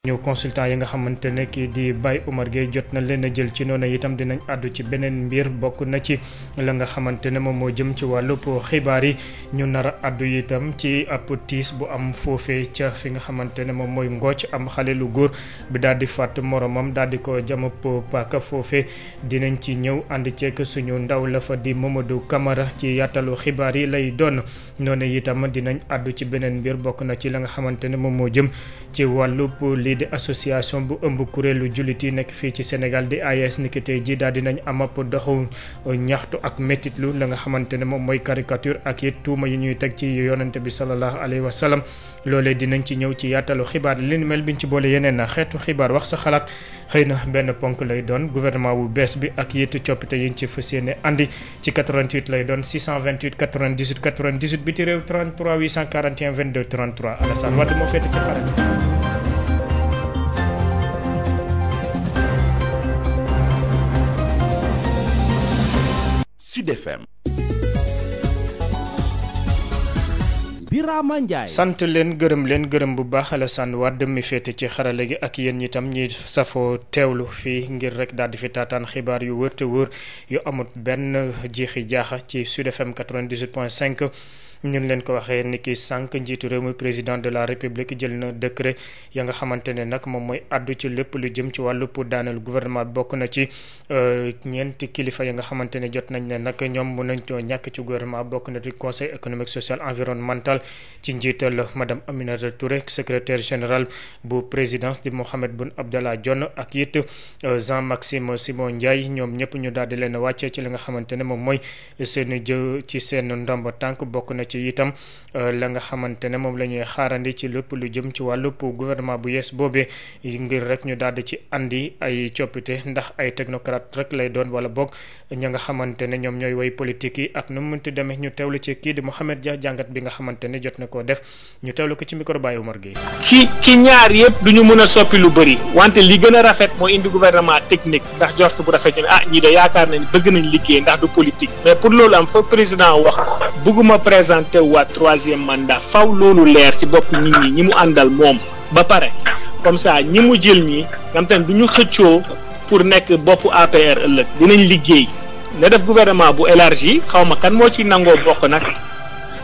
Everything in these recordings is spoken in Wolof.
ñëw consultant yi nga xamante ne kii di Baye Omar Gueye jot na leen a jël ci noonu itam dinañ àddu ci beneen mbir bokk na ci la nga xamante ne moom moo jëm ci wàllub xibaar yi ñu nar a itam ci ab bu am foofee ca fi nga xamante ne moom mooy ngooc am xale lu góor bi daal di fàtt moromam daal di ko jamab paaka foofee dinañ ci ñëw ànd ceek suñu ndaw la fa di Mamadou Camara ci yattalu xibaar yi lay doon noonu itam dinañ àddu ci beneen mbir bokk na ci la nga xamante ne moom moo jëm lii di association bu ëmb kuréelu jullit yi nekk fii ci Sénégal di AIS niki tey jii daal dinañ am ab doxu ñaxtu ak métitlu la nga xamante ne moom mooy caricature ak it tuuma yi ñuy teg ci yonante bi sallallahu alayhi wa sallam loolee dinañ ci ñëw ci yaatalu xibaar li ni mel biñ ci boole yeneen xeetu xibaar wax sa xalaat xëy na benn ponk lay doon gouvernement bu bees bi ak yéetu coppite yi ñu ci fas yéene andi ci 88 lay doon 628 98 98 bi ci réew 33 841 22 33 Alassane Wade moo féete ci xarit. Sud FM. Birama Ndiaye. sant leen gërëm leen gërëm bu baax sànn Wade mi féete ci xarala gi ak yéen itam ñi safo teewlu fii ngir rek daal di fi taataan xibaar yu wërte wër yu amut benn jiixi jaaxa ci Sud FM 98.5. ñun leen ko waxee ni ki sànq njiitu réew mi président de la république jël na décret ya nga xamante ne nag moom mooy addu ci lépp lu jëm ci wàllu pour daaneel gouvernement bi bokk na ci euh, ñeenti kilifa ya nga xamante ne jot nañ ne nag ñoom mën nañ too ñàkk ci gouvernement bokk na ci conseil économique social environnemental ci njiital madame Aminata Touré secretaire général bu présidence di Mohamed Boun Abdallah Dionne ak it euh, Jean Maxime Simon Ndiaye ñoom ñëpp ñu daal di leen wàccee ci li nga xamante ne moom mooy seen jëw ci seen ndomba tànk bokk na ci itam euh, la nga xamante ne moom la ñuy xaarandi ci lépp lu jëm ci wàllub gouvernement bu yees boobee ngir rek ñu daal di ci andi ay coppite ndax ay technocrate rek lay doon wala boog ña nga xamante ne ñoom ñooy way politique yi ak nu mu munti demee ñu teewlu ci kii di Mouhamed Dia jàngat bi nga xamante ne jot na koo def ñu teewlu ko ci micro Baye Omar Gueye. ci ci ñaar yëpp du ñu mën a soppi lu bëri wante li gën a rafet moo indi gouvernement technique ndax jort bu rafet ñu ne ah ñii de présenté waat troisième mandat faw loolu leer ci bopp nit ñi ñi mu àndal moom ba pare comme ça ñi mu jël ñi nga xam te du ñu xëccoo pour nekk boppu APR ëllëg dinañ liggéey ne def gouvernement bu élargi xaw ma kan moo ci nangoo bokk nag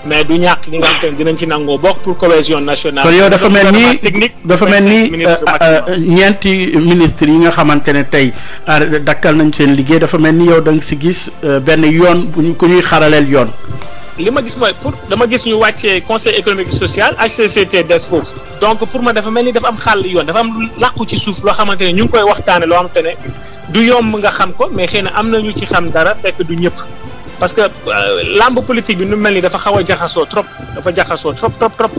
mais du ñàkk ñi nga xam te ne dinañ ci nangoo bokk pour cohésion nationale. kon yow dafa mel ni dafa mel ni euh, euh, ñeenti ministre yi nga xamante ne tey euh, dakkal nañ seen liggéey dafa mel ni yow da nga si gis benn yoon bu ñu ko ñuy xaraleel yoon. li ma gis mooy pour dama gis ñu wàccee conseil économique et social HCCT des foofu donc pour ma dafa mel ni dafa am xàll yoon dafa am làqu ci suuf loo xamante ne ñu ngi koy waxtaane loo xamante ne du yomb nga xam ko mais xëy na am na ñu ci xam dara fekk du ñëpp parce que euh, làmb politique bi nu mel ni dafa xaw a jaxasoo trop dafa jaxasoo trop trop trop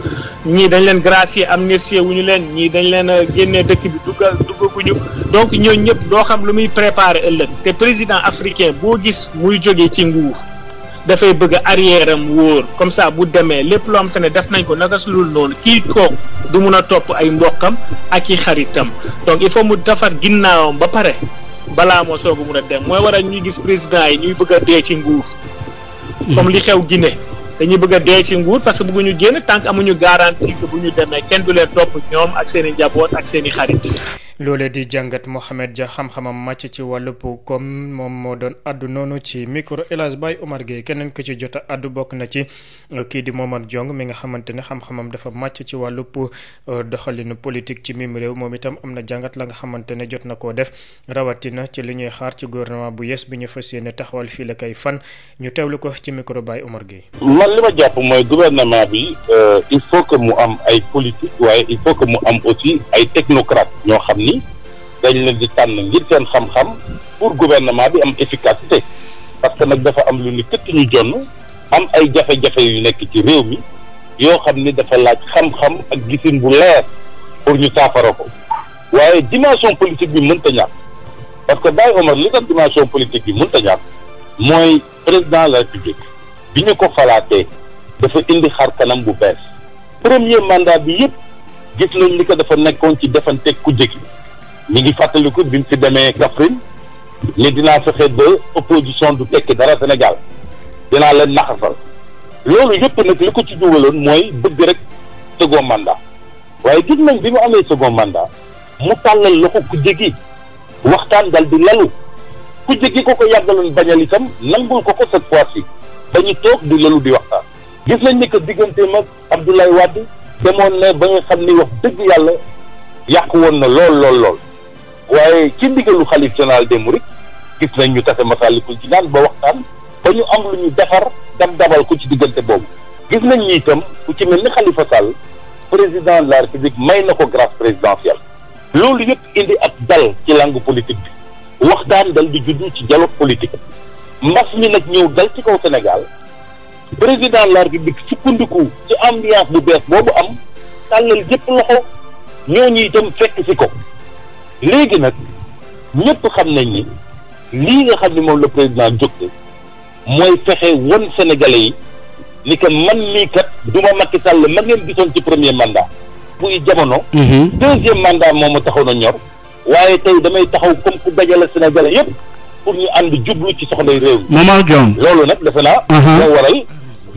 ñii dañ leen gracier amnistie wu ñu leen ñii dañu leen génnee dëkk bi duggal duggaguñu donc ñooñu ñëpp doo xam lu muy préparer ëllëg te président africain boo gis muy jógee ci nguur dafay bëgg a am wóor comme ça bu demee lépp loo xam te ne def nañ ko naka su dul noonu kii toog du mun a topp ay mboqam ak i xaritam donc il faut mu defar ginnaawam ba pare balaa moo soog mun a dem mooy waral ñuy gis président yi ñuy bëgg a dee ci nguur. comme li xew Guinée. dañuy bëgg a dee ci nguur parce que bëgguñu génn tànk amuñu garantie bu ñu demee kenn du leen topp ñoom ak seen i njaboot ak seen xarit. loolee di jàngat Mohamed ja xam-xamam màcc ci wàllu wàllub koom moom moo doon àddu noonu ci micro El Hadj Baye Omar Gueye keneen ko ci jota addu bokk na ci euh, kii di Momar jong mi nga xamante ne xam-xamam dafa màcc ci wàllu wàllub euh, doxalinu politique ci miim réew moom itam am na jàngat la nga xamante ne jot na koo def rawatina ci li ñuy xaar ci gouvernement bu yes bi ñu fa yéene taxawal fii la koy fan ñu teewlu ko ci micro Baye Omar gi man li ma jàpp mooy gouvernement euh, il faut mu am ay politique waaye mu am aussi ay ni dañ leen di tànn ngir seen xam-xam pour gouvernement bi am efficacité parce que nag dafa am lu ni këtt ñu jonn am ay jafe-jafe yu nekk ci réew mi yoo xam ni dafa laaj xam-xam ak gisin bu leer pour ñu saafara ko waaye dimension politique bi mënta ñàkk parce que Baye Omar li tax dimension politique bi mënta ñàkk mooy président la république bi ñu ko falaatee dafa indi xar kanam bu bees premier mandat bi yëpp gis nañ ni que dafa nekkoon ci defante ku jëkki ñu ngi fàttaliku bi mu fi demee Kaffrine li dinaa fexe ba opposition du tekki dara Sénégal dinaa leen naxasal loolu yëpp nag li ko ci dugaloon mooy bëgg rek second mandat waaye gis nañ bi mu amee second mandat mu tàllal loxo ku jëkki waxtaan dal di lalu ku jëkki ko ko yàggaloon bañal itam nangul ko ko cette fois-ci dañu toog di lalu di waxtaan gis nañ ni que digganteem ak Abdoulaye Wade demoon na ba nga xam ni wax dëgg yàlla yàqu woon na lool lool lool waaye ci ndigalu xalif général des mourides gis nañ ñu tase Masaalikul Jinaan ba waxtaan ba ñu am lu ñu defar dab dabal ko ci diggante boobu gis nañ ñi itam ku ci mel ni Khalifa Sall président de la république may na ko grâce présidentielle loolu yëpp indi ak dal ci langu politique bi waxtaan dal di juddu ci dialogue politique mbas ñi nag ñëw dal ci kaw Sénégal président de la république sukkandiku ci ambiance bu bees boobu am tàllal jëpp loxo ñooñu itam fekk si ko léegi nag ñëpp xam nañ ni lii nga xam ni moom la président jógte mooy fexe won sénégalais yi ni que man mii kat du ma Macky Sall ma ngeen gisoon ci premier mandat buy jamono mhm. deuxième mandat moom ma taxaw na ñor waaye tey damay taxaw comme ku dajale sénégalais yëpp pour ñu ànd jublu ci soxlay réew mi. Momar Dione loolu nag defe naa. Uh-huh. moo waral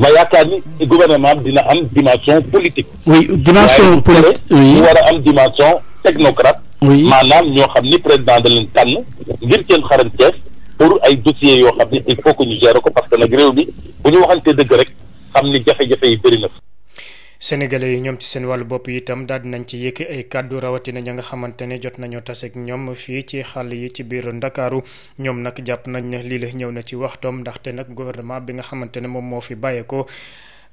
ma yaakaar ni gouvernement dina am dimension politique. oui dimension politique ñu war a am dimension technocrate. oui maanaam ñoo xam ni président da leen tànn ngir seen xarañteef pour ay dossiers yoo xam ni il faut que ñu gérer ko parce que nag réew mi bu ñu waxante dëgg rek xam ni jafe-jafe yi bëri na. sénégalais yi ñoom ci seen wàllu bopp itam daal di ci yëkk ay kàddu rawatina ña nga xamante ne jot nañoo taseeg ñoom fii ci xàll yi ci biiru ndakaaru ñoom nag jàpp nañ ne lii la ñëw na ci waxtoom ndaxte nag gouvernement bi nga xamante ne moom moo fi ko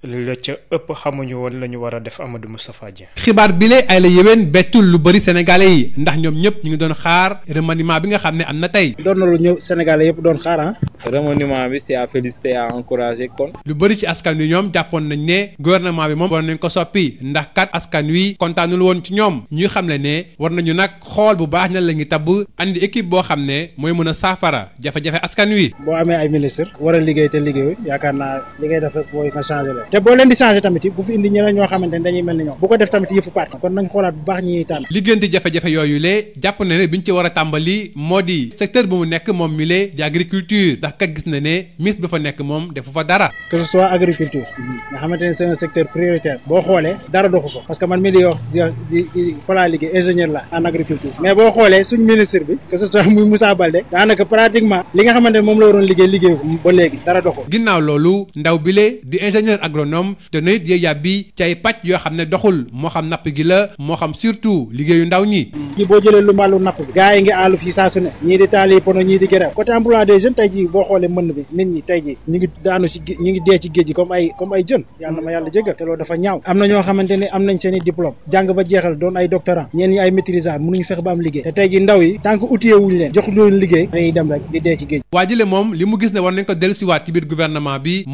la ca ëpp xamuñu woon la ñu war a def Amadou Moustapha Dieng. xibaar bi la ay la yéwén bettul lu bëri sénégalais ndax ñoom ñëpp ñu ngi doon xaar remaniement bi nga xam ne am na tey. doon na lu ñëw sénégalais yëpp doon xaar ah. remaniement bi c'est à féliciter à encourager ci askan wi ñoom jàppoon nañ ne gouvernement bi moom war nañ ko soppi ndax kat askan wi kontaanul woon ci ñoom ñuy xam le ne war nañu nag xool bu baax ñan la tab tabb andi équipe boo xam ne mooy mën a saafara jafe-jafe askan wi. boo amee ay ministre war a liggéey te liggéey yaakaar naa li ngay def nga changé te boo leen di changé tamit bu fi indi ñeneen ñoo xamante ne dañuy mel ni ñoom bu ko def tamit yëfu parti kon nañ xoolaat bu baax ñi tànn liggéenti jafe-jafe yooyu lee jàpp na ne bi ñu ci war a tàmbali moo di secteur bu mu nekk moom mi lee di agriculture ndax kat gis na ne ministre bi fa nekk moom defu fa dara que ce soit agriculture nga xamante ne c'est secteur prioritaire boo xoolee dara doxu fa parce que man mi di wax di di liggéey ingénieur boo xoolee suñ ministre bi que ce soit muy ne moom la waroon liggéey liggéey ko ba léegi dara agronome te nawet yee yàbbi ci ay yoo xam ne doxul moo xam napp gi la moo xam surtout liggéeyu ndaw ñi. ji boo jëlee lu mbaalu napp bi. gars yi ngi àllu fii saa ne. ñii di taali pono ñii di gërëm. ñi tey jii ñu ngi daanu ci ñu ngi dee ci géej gi comme ay comme ay jën yàlla ma yàlla jéggal te loolu dafa ñaaw am na ñoo xamante ne am nañ seen i diplôme jàng ba jeexal doon ay doctorant ñeen ñi ay maîtrisard mënuñu fex ba am liggéey te tey ji ndaw yi tant que outillé wuñ leen jox loolu liggéey dañuy dem rek di dee moom li mu gis ne war nañ ko dellusiwaat ci biir gouvernement bi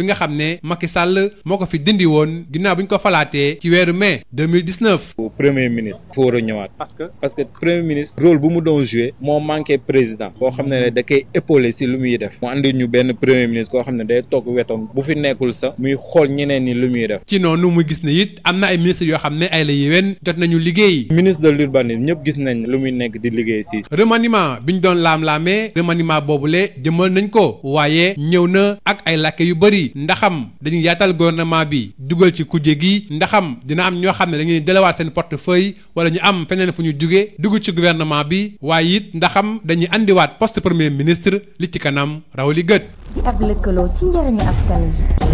bi nga xam ne Macky Sall moo ko fi dindi woon ginnaaw bi ñu ko falaatee ci weeru mai 2019. premier ministre foo war a ñëwaat parce que parce que premier ministre rôle bu mu doon joué moo manqué président boo xam ne da koy épaulé si lu muy def mu andi ñu benn premier ministre koo xam ne day toog wetam bu fi nekkul sax muy xool ñeneen ni lu muy def. ci noonu mu gis ne it am na ay ministres yoo xam ne ay la yéwén jot nañu liggéey. ministre de l'urbanisme ñëpp gis nañ lu muy nekk di liggéey si. remaniement bi ñu doon laam-laamee remaniement boobule jëmal nañ ko waaye ñëw na ak ay làkk yu bëri. bi ndaxam dañuy yaatal gouvernement bi dugal ci kujje gi ndaxam dina am ñoo xam ne dañuy delawaat seen portefeuille wala ñu am feneen fu ñu jugee dugg ci gouvernement bi waaye it ndaxam dañuy indiwaat post premier ministre li ci kanam raw li gët. di ab lëkkaloo ci njëriñu askan wi.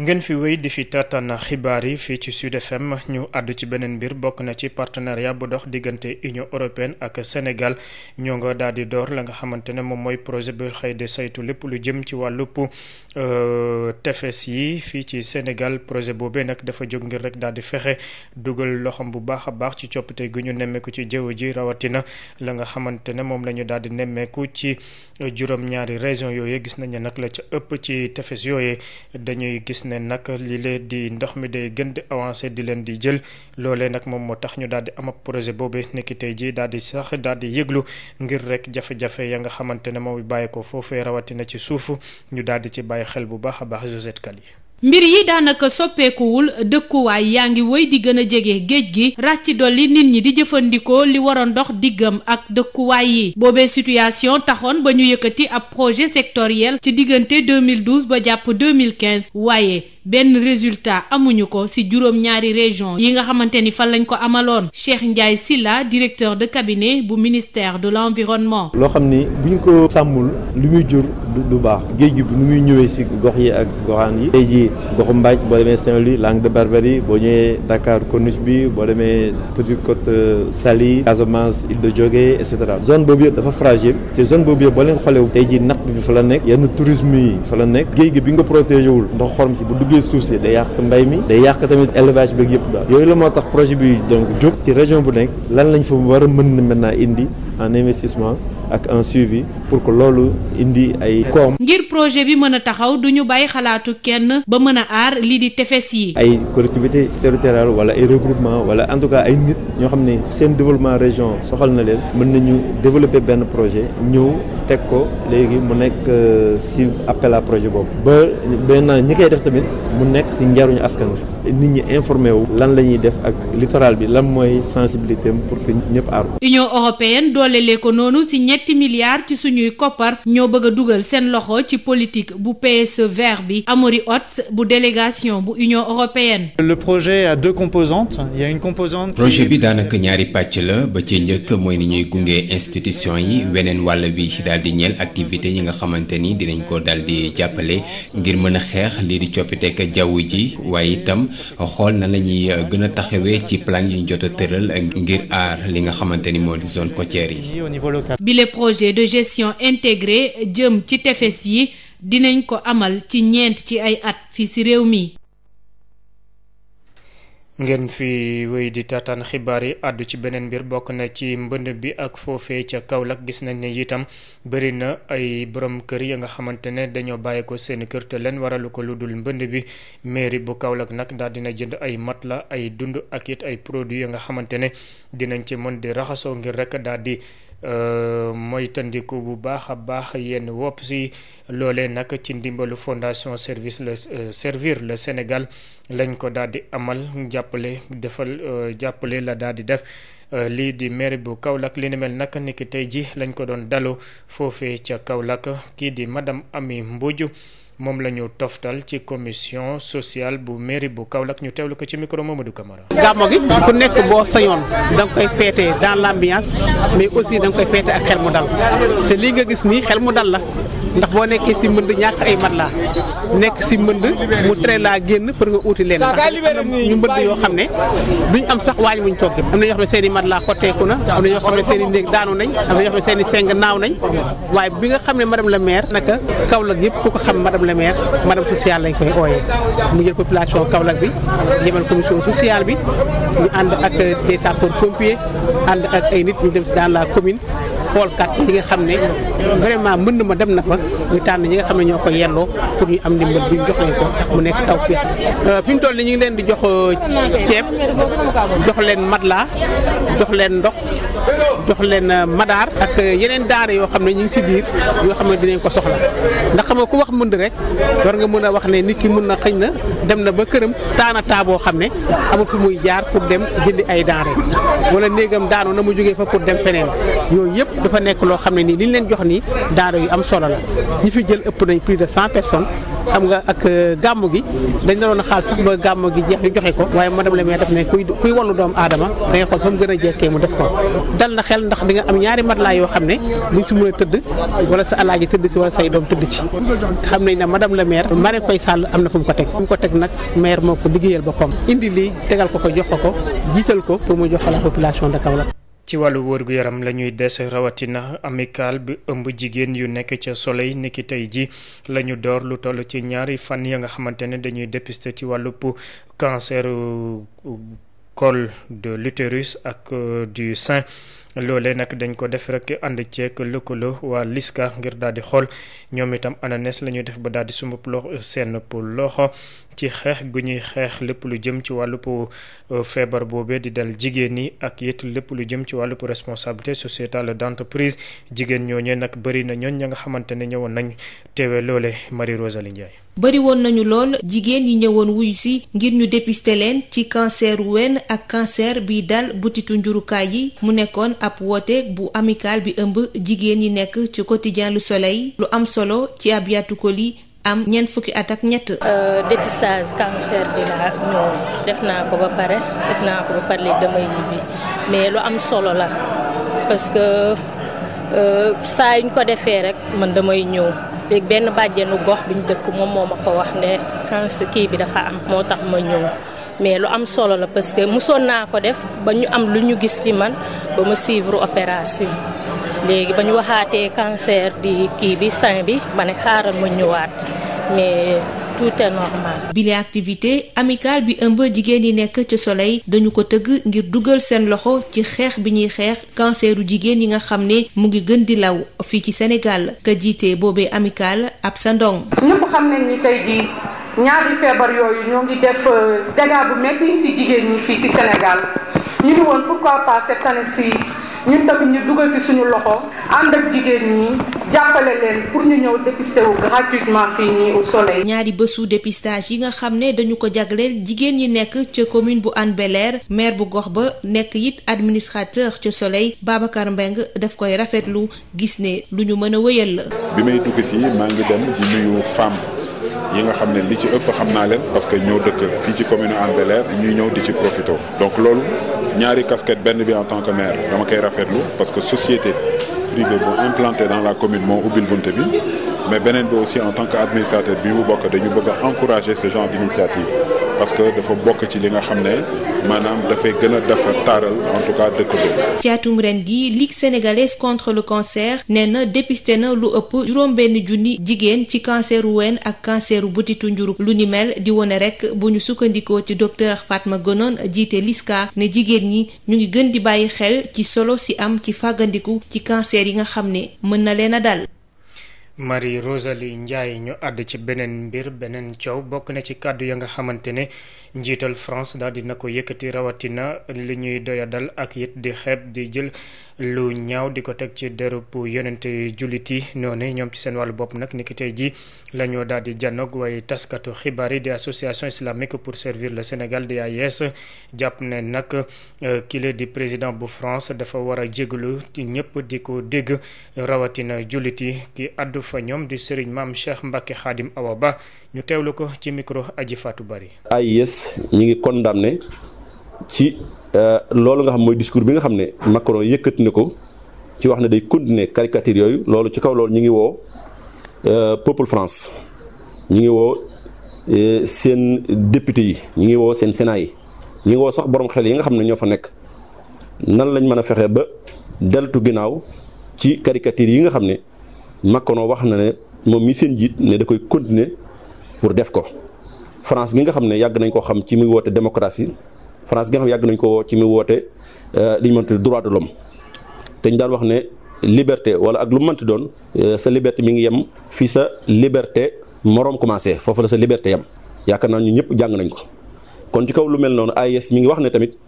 ngeen fi wéy di fi taataan xibaar yi fii ci Sud FM ñu àddu ci beneen mbir bokk na ci partenariat bu dox diggante Union européenne ak senegal ñoo nga daal di door la nga xamante ne moom mooy projet bi xëy de saytu lépp lu jëm ci wàllup euh, tefes yi fii ci Sénégal projet boobee nag dafa jóg ngir rek daal di fexe dugal loxam bu baax a baax ci coppite gu ñu nemmeeku ci jaww ji rawatina la nga xamante ne moom la ñu daal di nemmeeku ci euh, juróom-ñaari région yooyu gis nañ ne nag la ca ëpp ci tefes yooyu dañuy gis. gis ne nag li leen di ndox mi day gën di avancé di leen di jël loolee nag moom moo tax ñu daal di am ab projet boobee nekki tey jii daal di sax daal di yëglu ngir rek jafe-jafe ya nga xamante ne moom bàyyi ko foofee rawatina ci suufu ñu daal di ci bàyyi xel bu baax a baax Josette Kaly mbir yi daanaka soppeekuwul dëkkuwaay yaa ngi woy di gën a jege géej gi ràcc dolli nit ñi di jëfandikoo li waroon ndox diggam ak dëkkuwaay yi boobee situation taxoon ba ñu yëkkati ab projet sectoriel ci diggante 2012 ba jàpp 2015 waaye benn résultat amuñu ko ci juróom-ñaari région yi nga xamante ni fan lañ ko amaloon Cheikh Ndiaye Sylla directeur de cabinet bu ministère de l'environnement. loo xam ni bu ñu ko sàmmul lu muy jur du baax géej gi bi nu muy ñëwee ci gox yi ak goxaan yi. tey jii goxu Mbaaj boo demee Saint-Louis Langue de Barbarie boo ñëwee ndakaar Corniche bi boo demee Petite Côte euh, Saly Casamance Île de Jogué et cetera zone boobu yëpp dafa fragile te zone boobu yëpp boo leen xoolee tey ji napp fa la nekk yenn tourisme yi fa la nekk géej gi bi nga protégé wul duggee suuf si day yàq mbay mi day yàq tamit élevage beeg yëpp daal yooyu la moo tax projet bi donc jóg ci région bu nekk lan lañ fa war a mën na maintenant indi en investissement ak un suivi pour que loolu indi ay koom. ngir projet bi mën a taxaw du ñu bàyyi xalaatu kenn ba mën a aar li di tefes yi. ay collectivité territoriale wala ay regroupement wala en tout cas ay nit ñoo xam ne seen développement région soxal na leen mën nañu développer benn projet ñëw teg ko léegi mu nekk euh, si appel projet boobu ba maintenant ñi koy def tamit mu nekk si njariñu askan wi nit ñi informé wu lan la ñuy def ak littoral bi lan mooy sensibilité pour que ñëpp aar ñetti milliards ci suñuy koppar ñoo bëgg dugal seen loxo ci politique bu PSE vert bi Amaury Hott bu délégation bu Union européenne. Le projet a deux composantes. projet bi daanaka ñaari pàcc la ba ci njëkk mooy ni ñuy gunge institution yi weneen wàll bi daal di ñeel activité ñi nga xamante ni dinañ ko daal di jàppale ngir mën a xeex lii di coppiteg jaww ji waaye itam xool na la ñuy euh, gën a taxawee ci plan yi ñu jot a tëral ngir aar li nga xamante ni moo di zone côtière yi. projet de gestion intégrée jëm ci tefes yi dinañ ko amal ci ñeent ci ay at fi ci réew mi. ngeen fi wéy di tataan xibaar yi àddu ci beneen mbir bokk na ci mbënd bi ak foofee ca Kaolack gis nañ ne itam bëri na ay borom kër ya nga xamante ne dañoo bàyyi ko seen kër te leen waralu ko lu dul mbënd bi mairie bu Kaolack nag daal dina jënd ay mat la ay dund ak it ay produits ya nga xamante ne dinañ ci mën di raxasoo ngir rekk daal Euh, moytandiku bu baax a baax yenn wopp si loole nag ci ndimbalu fondation service le euh, servir le Sénégal lañ ko daal di amal jàppale defal euh, jàppale la daal di def lii di maire bu Kaolack li ni mel nag niki tey ji lañ ko doon daloo foofee ca Kaolack kii di madame Ami Mbodj moom la ñu toftal ci commission sociale bu mairie bu Kaolack ñu teewlu ko ci micro Mamadou Camara. gàmmo gi ku nekk boo sañoon da nga koy feetee dans l'ambiance mais aussi da nga koy feetee ak xel mu dal te lii nga gis nii xel mu dal la ndax boo nekkee si mbënd ñàkk ay matelas nekk si mbënd mu tere laa génn pour nga uuti leen ñu mbënd yoo xam ne duñ am sax waañ wuñ toggee am na ñoo xam ne seen i matelas xotteeku na am na ñoo xam ne seen i néeg daanu na ñoo xam ne ma maire madame sociale lañ koy ooyee mu jël population Kaolack bi yemal commission sociale bi ñu ànd ak des sapeurs pompiers ànd ak ay nit ñu dem si dans la commune xool quartier yi nga xam ne vraiment mën ma dem na fa ñu tànn ñi nga xam ne ñoo ko yelloo pour ñu am ndimbal bi ñu jox leen ko mu nekk taw euh, fi fi ñu toll nii ñu ngi leen di jox euh, ceeb jox leen matla jox leen ndox jox leen euh, madaar ak euh, yeneen daara yoo xam ne ñu ngi ci biir yoo xam ne dinañ ko soxla ndax xam nga ku wax mbënd rek war nga mën a wax ne nit ki mën na xëñ na dem na ba këram taana taa boo xam ne amul fu muy jaar pour dem jëndi ay denrée wala néegam daanoo na mu jógee fa pour dem feneen yooyu yëpp dafa nekk loo xam ne nii liñ leen jox nii daara yu am solo la ñi fi jël ëpp nañ plus de cent personnes xam nga ak euh, gàmm gi dañ la doon xaal sax ba gàmm gi jeex ñu joxe ko waaye madame le maire def ne kuy kuy wallu doom aadama da ngay fa mu gën a jekkee mu def ko dal na xel ndax di nga am ñaari mat laa yoo xam ne buñ si mën a tëdd wala sa alaaji tëdd si wala say doom tëdd ci xam nañ ne madame le maire Mari Koy sàll am na fu mu ko teg fu mu ko teg nag maire moo ko liggéeyal boppam indi lii tegal ko ko jox ko ko jiital ko pour mu jox la population de Kaolack ci wàllu wërgu yaram la ñuy des rawatina amical bi ëmb jigéen yu nekk ca soleil niki tey ji la ñu door lu toll ci ñaari fan ya nga xamante ne dañuy dépister ci wàllu cancer euh, col de l'utérus ak euh, du sein loolee nag dañ ko def rek ànd ceeg lëkkaloo waa liska ngir daal di xool ñoom itam ananes la ñuy def ba daal di sumb seen pour loxo ci xeex gu ñuy xeex lépp lu jëm ci wàllu wàllub euh, feebar boobee di dal jigéen ñi ak it lépp lu jëm ci wàllu wàllub responsabilité sociétale d'entreprise jigéen ñooñee nag bëri na ñooñ ña nga xamante ne ñëwoon nañ teewe loole Marie Rosalie Ndiaye bëri woon nañu lool jigéen yi ñëwoon wuyu si ngir ñu dépister leen ci cancer wenn ak cancer bi dal butitu njurukaay yi mu nekkoon ab woote bu amical bi ëmb jigéen yi nekk ci quotidien lu soleil lu am solo am ñeent fukki at ak ñett. Euh, dépistage cancer bi laa ñëw def naa ko ba pare def naa ko ba pare léegi damay ñibbi mais lu am solo la parce que euh, saa yuñ ko defee rek man damay ñëw léegi benn bàjjenu gox bi ñu dëkk moom moo ma ko wax ne cancer kii bi dafa am moo tax ma ñëw. mais lu am solo la parce que mosoon naa ko def ba ñu am lu ñu gis ci man ba ma suivre opération léegi ba ñu waxaatee cancer di kii bi sein bi ma ne xaaral ma ñëwaat mais tout est normal. bile activité amicale bi ëmb jigéen yi nekk ci soleil dañu ko tëgg ngir dugal seen loxo ci xeex bi ñuy xeex kanseeru jigéen yi nga xam ne mu ngi gën di law fii ci senegal ka jiite boobee amicale ab sa ndong. ñëpp xam nañ ni tey jii ñaari feebar yooyu ñoo ngi def euh, dégâts bu métti si jigéen ñi fii si Sénégal ñu ni woon pourquoi pas cette année ci ñun tamit ñu dugal si suñu loxo ànd ak jigéen ñi jàppale leen pour ñu ñëw dépister wu fii nii au soleil. ñaari bésu dépistage yi nga xam ne dañu ko jagleel jigéen ñi nekk ca commune bu Hann Bel-Air maire bu gox ba nekk it administrateur ca soleil Babacar Mbengue daf koy rafetlu gis ne lu ñu mën a wéyal la. bi may dugg si maa ngi dem di nuyu femme. yi nga xam ne li ci ëpp xam naa leen parce que ñoo dëkk fii ci commune Hann Bel-Air ñuy ñëw di ci profito donc loolu ñaari casquette benn bi en tant que maire dama koy rafetlu parce que société privée boo implanté dans la commune moo ubbil bunte bi mais beneen bi aussi en tant que administrateur bi mu bokk dañu bëgg a encourager ce genre d'initiative parce que dafa bokk ci li nga xam ne maanaam dafay gën a taaral en tout cas ren gi Ligue sénégalaise contre le cancer nee na dépisté na lu ëpp juróom-benn junni jigéen ci canceru ween ak canceru butitu njurub lu ni mel di wone rek bu ñu sukkandikoo ci docteur Fatma Gonon jiite liska ne jigéen ñi ñu ngi gën di bàyyi xel ci solo ci am ci fàggandiku ci cancer yi nga xam ne mën na leen a dal. Marie Rosalie Ndiaye ñu àdd ci beneen mbir beneen coow bokk na ci kàddu ya nga xamante ne njiital France daal na ko yëkkati rawatina li ñuy doyadal ak it di xeeb di jël lu ñaaw di ko teg ci dërëb yonente jullit yi noonu ñoom ci seen wàllu bopp nag niki tey ji la ñoo daal di janoog waaye taskatu xibaar yi di association islamique pour servir le Sénégal di AIS jàpp ne nag euh, kile di président bu France dafa war a jégalu ñëpp di ko dégg rawatina jullit yi ki àddu fa ñoom di sëriñ maam Cheikh Mbacke Khadim Awa Ba ñu teewlu ko ci micro Aji Fatou ay AIS ñi ngi ne ci euh, loolu nga xam mooy discours bi nga xam ne Macron yëkkati ne ko ci wax na day continuer caricature yooyu loolu ci kaw loolu ñu ngi woo euh, peuple France ñu ngi woo euh, seen député yi ñu ngi woo seen sénat yi ñu ngi woo sax borom xel yi nga xam ne ñoo fa nekk nan lañ mën a fexe ba deltu ginnaaw ci caricature yi nga xam ne Macron wax na ne moom mi seen jiit ne da koy continuer. pour def ko France gi nga xam ne yàgg nañ koo xam ci muy woote démocratie France gi nga xam yàgg nañ ko ci muy woote euh, li ñu mënti droit de l'homme te ñu daan wax ne liberté wala ak lu mu mënti doon euh, sa liberté mi ngi yem fii sa liberté moroom commencé foofu la sa liberté yem yaakaar naa ñu ñëpp jàng nañ ko kon ci kaw lu mel noonu ay AIS mi ngi wax ne tamit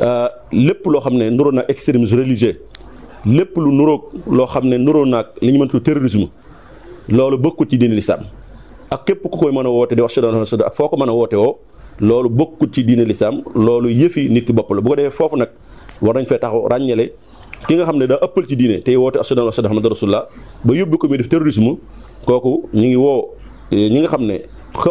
euh, lépp loo xam ne nuroo na extrémisme religieux lépp lu nuroog loo xam ne nuroo naag li ñu mënti terrorisme loolu bokkut ci diine lislaam ak képp ku koy mën a woote di wax shadan sada ak foo ko mën a woote loolu bokkut ci diine lislaam loolu yëfi nit ki bopp la bu ko defee foofu nag war nañ fee taxaw ràññale ki nga xam ne daa ëppal ci diine tey woote ashhadu an la Muhammadu rasulullah ba yóbbu ko muy def kooku ñu ngi woo eh, ñi nga xam ne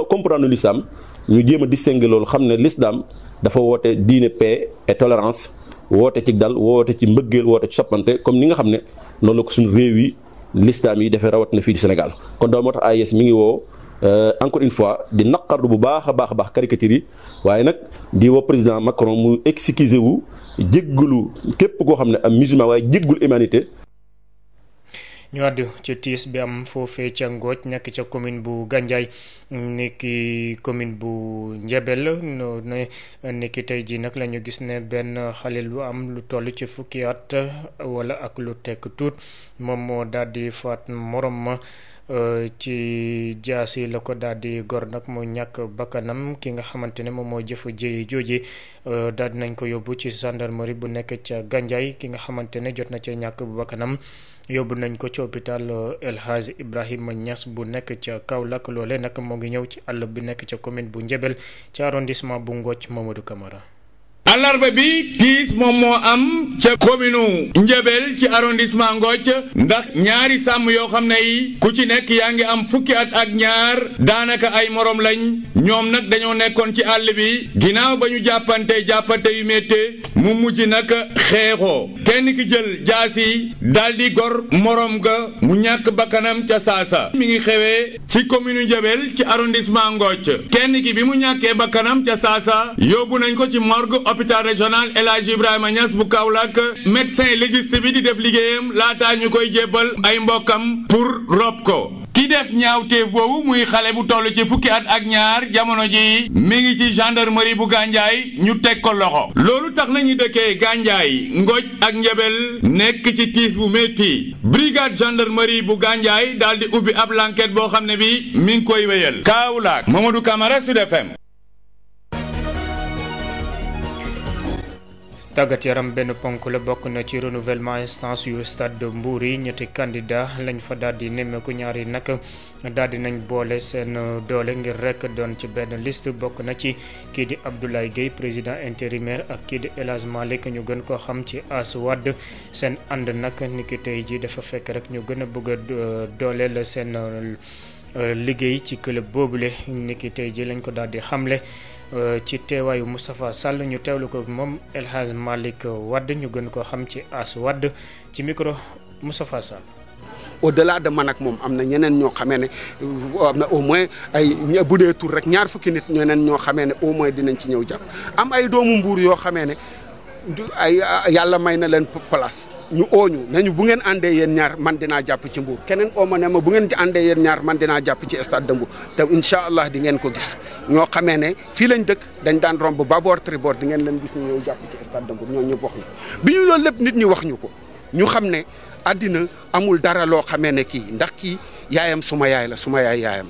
comprendre l'islam ñu jéem a distinguer loolu xam ne l'islam dafa woote diine paix et tolérance woote ci dal woote ci mbëggeel woote ci soppante comme ni nga xam ne noonu la ko suñu réew yi listam yi defee rawat na fii di Sénégal kon doo moo tax AIS mi ngi woo Euh, encore une fois di naqarlu bu baax a baax a baax caricature yi waaye nag di woo président Macron mu excusé wu jéggalu képp koo xam ne am musulman waaye jéggul humanité ñu àddu ci tiis bi am foofee ca Ngooj nekk ca commune bu Gandiaye nekki commune bu Njebel no ne nekki tey jii nag lañu gis ne benn xale lu am lu toll ci fukki at wala ak lu tekk tuut moom moo daal di faat morom ma Euh, ci jaasi la ko daal di gor nag mu ñàkk bakkanam ki nga xamante ne moom moo jëf jëye jooje euh, daal di nañ ko yóbbu ci gendarmerie bu nekk ca Gandiaye ki nga xamante ne jot na ca ñàkk bu bakkanam yóbbu nañ ko ci hôpital euh, El Hadj Ibrahima ñas bu nekk ca Kaolack loole nag moo ngi ñëw ci àll bi nekk ca commune bu Njebel ci arrondissement bu Ngoc Mamadou kamara alarba bi tiis moom moo am ca commune Njëbel ci arrondissement Ngocc ndax ñaari sàmm yoo xam ne yi ku ci nekk yaa ngi am fukki at ak ñaar daanaka ay morom lañ ñoom nag dañoo nekkoon ci àll bi ginnaaw ba ñu jàppante jàppante yu méttee mu mujj nag xeexoo kenn ki jël jaasi daal gor moroom ga mu ñàkk bakkanam ca saasa mi ngi xewee ci commune Njëbel ci arrondissement Ngocc kenn ki bi mu ñàkkee bakkanam ca saasa yóbbu nañ ko ci morgue hôpital régional El Hadj Ibrahima Niass bu Kaolack médecin légiste bi di def liggéeyam laataa ñu koy jébbal ay mbokkam pour rob ko ki def ñaawteef boobu muy xale bu toll ci fukki at ak ñaar jamono ji mi ngi ci gendarmerie bu Gandiaye ñu teg ko loxo loolu tax nañu dëkkee Gandiaye Ngoj ak Njebel nekk ci tiis bu métti brigade gendarmerie bu Gandiaye daal di ubbi ab l'enquête boo xam ne bi mi ngi koy wéyal Kaolack Mamadou Camara Sud FM tàggat yaram benn ponk la bokk na ci renouvellement instance yu stade de Mbour yi ñetti candidat lañ fa daal di nemmeeku ñaari nag daal di nañ boole seen doole ngir rek doon ci benn list bokk na ci kii di Abdoulaye Gueye président intérimaire ak kii di El Hadj ñu gën koo xam ci As Wade seen ànd nag niki tey ji dafa fekk rek ñu gën a bëgg a dooleel seen euh, liggéey ci club boobule niki tey ji lañ ko daal di xamle. Euh, ci teewaayu Moustapha Sall ñu teewlu ko moom El Hadj Malick Wade ñu gën koo xam ci As Wade ci micro Moustapha Sall. au-delà de man ak moom am na ñeneen ñoo xamee ne euh, am na au moins ay bu dee tur rek ñaar fukki nit ñeneen ñoo xamee ne au moins dinañ ci ñëw jàpp am ay doomu mbuur yoo xamee ne ay yàlla may na leen place. ñu ooñu nañu bu ngeen àndee yéen ñaar man dinaa jàpp ci Mbour keneen ooma ne ma bu ngeen àndee yéen ñaar man dinaa jàpp ci stade de Mbour te incha allah di ngeen ko gis ñoo xamee ne fii lañ dëkk dañ daan romb bâbord tribord di ngeen leen gis ñu ñëw jàpp ci stade de Mbour ñoo ñëpp wax ñu bi ñu loolu lépp nit ñi wax ñu ko ñu xam ne àddina amul dara loo xamee ne kii ndax kii yaayam suma yaay la suma yaay yaayam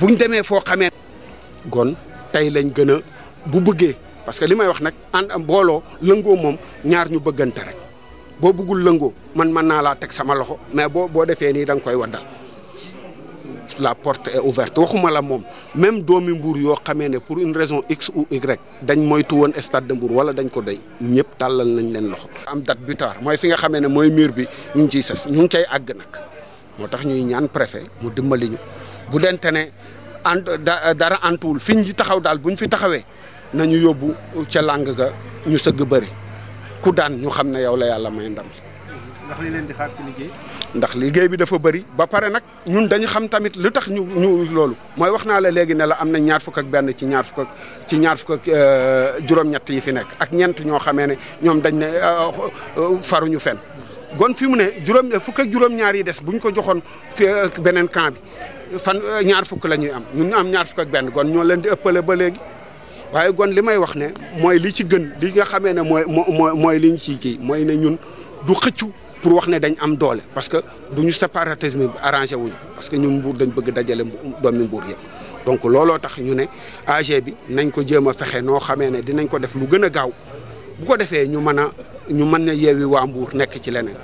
buñ demee foo xamee. kon tey lañ gën a bu bëggee. parce que li may wax nag ànd am booloo lëngoo moom ñaar ñu bëggante rek boo bëggul lëngoo man mën naa laa teg sama loxo mais boo boo defee nii da nga koy waddal la porte est ouverte waxuma la moom même doomi Mbour yoo xamee ne pour une raison x ou y dañ moytu woon stade de Mbour wala dañ ko doy ñëpp tàllal nañ leen loxo. am date butoir mooy fi nga xamee ne mooy miir bi ñu ngi ciy sas ñu ngi cay àgg nag moo tax ñuy ñaan préfet mu dimbali ñu bu dente ne ant dara antuwul fi ñu taxaw daal bu ñu fi taxawee. nañu yóbbu ca làng ga ñu sëgg bëri ku daan ñu xam ne yow la yàlla may ndam. ndax li leen di liggéey. ndax liggéey bi dafa bëri ba pare nag ñun dañu xam tamit lu tax ñu ñu loolu mooy wax naa la léegi ne la am na ñaar fukk ak benn ci ñaar fukk ak ci ñaar fukk ak euh, juróom-ñett yi fi nekk ak ñeent ñoo xamee ne ñoom dañ ne euh, euh, faruñu fen gon fi mu ne juróom fukk ak juróom-ñaar yi des bu ñu ko joxoon fi beneen camp bi fan ñaar fukk la am ñun am ñaar fukk ak benn gon ñoo leen di ëppale ba léegi. waaye kon li may wax ne mooy li ci gën li nga xamee ne mooy mooy mooy li ñu ciy kii mooy ne ñun du xëccu pour wax ne dañ am doole parce que du ñu séparatisme mi arrangé wuñu parce que ñun mbuur dañ bëgg dajale doomi mbuur yëpp donc looloo tax ñu ne AG bi nañ ko jéem a fexe noo xamee ne dinañ ko def lu gën a gaaw bu ko defee ñu mën a ñu mën a yeewi waa mbuur nekk ci leneen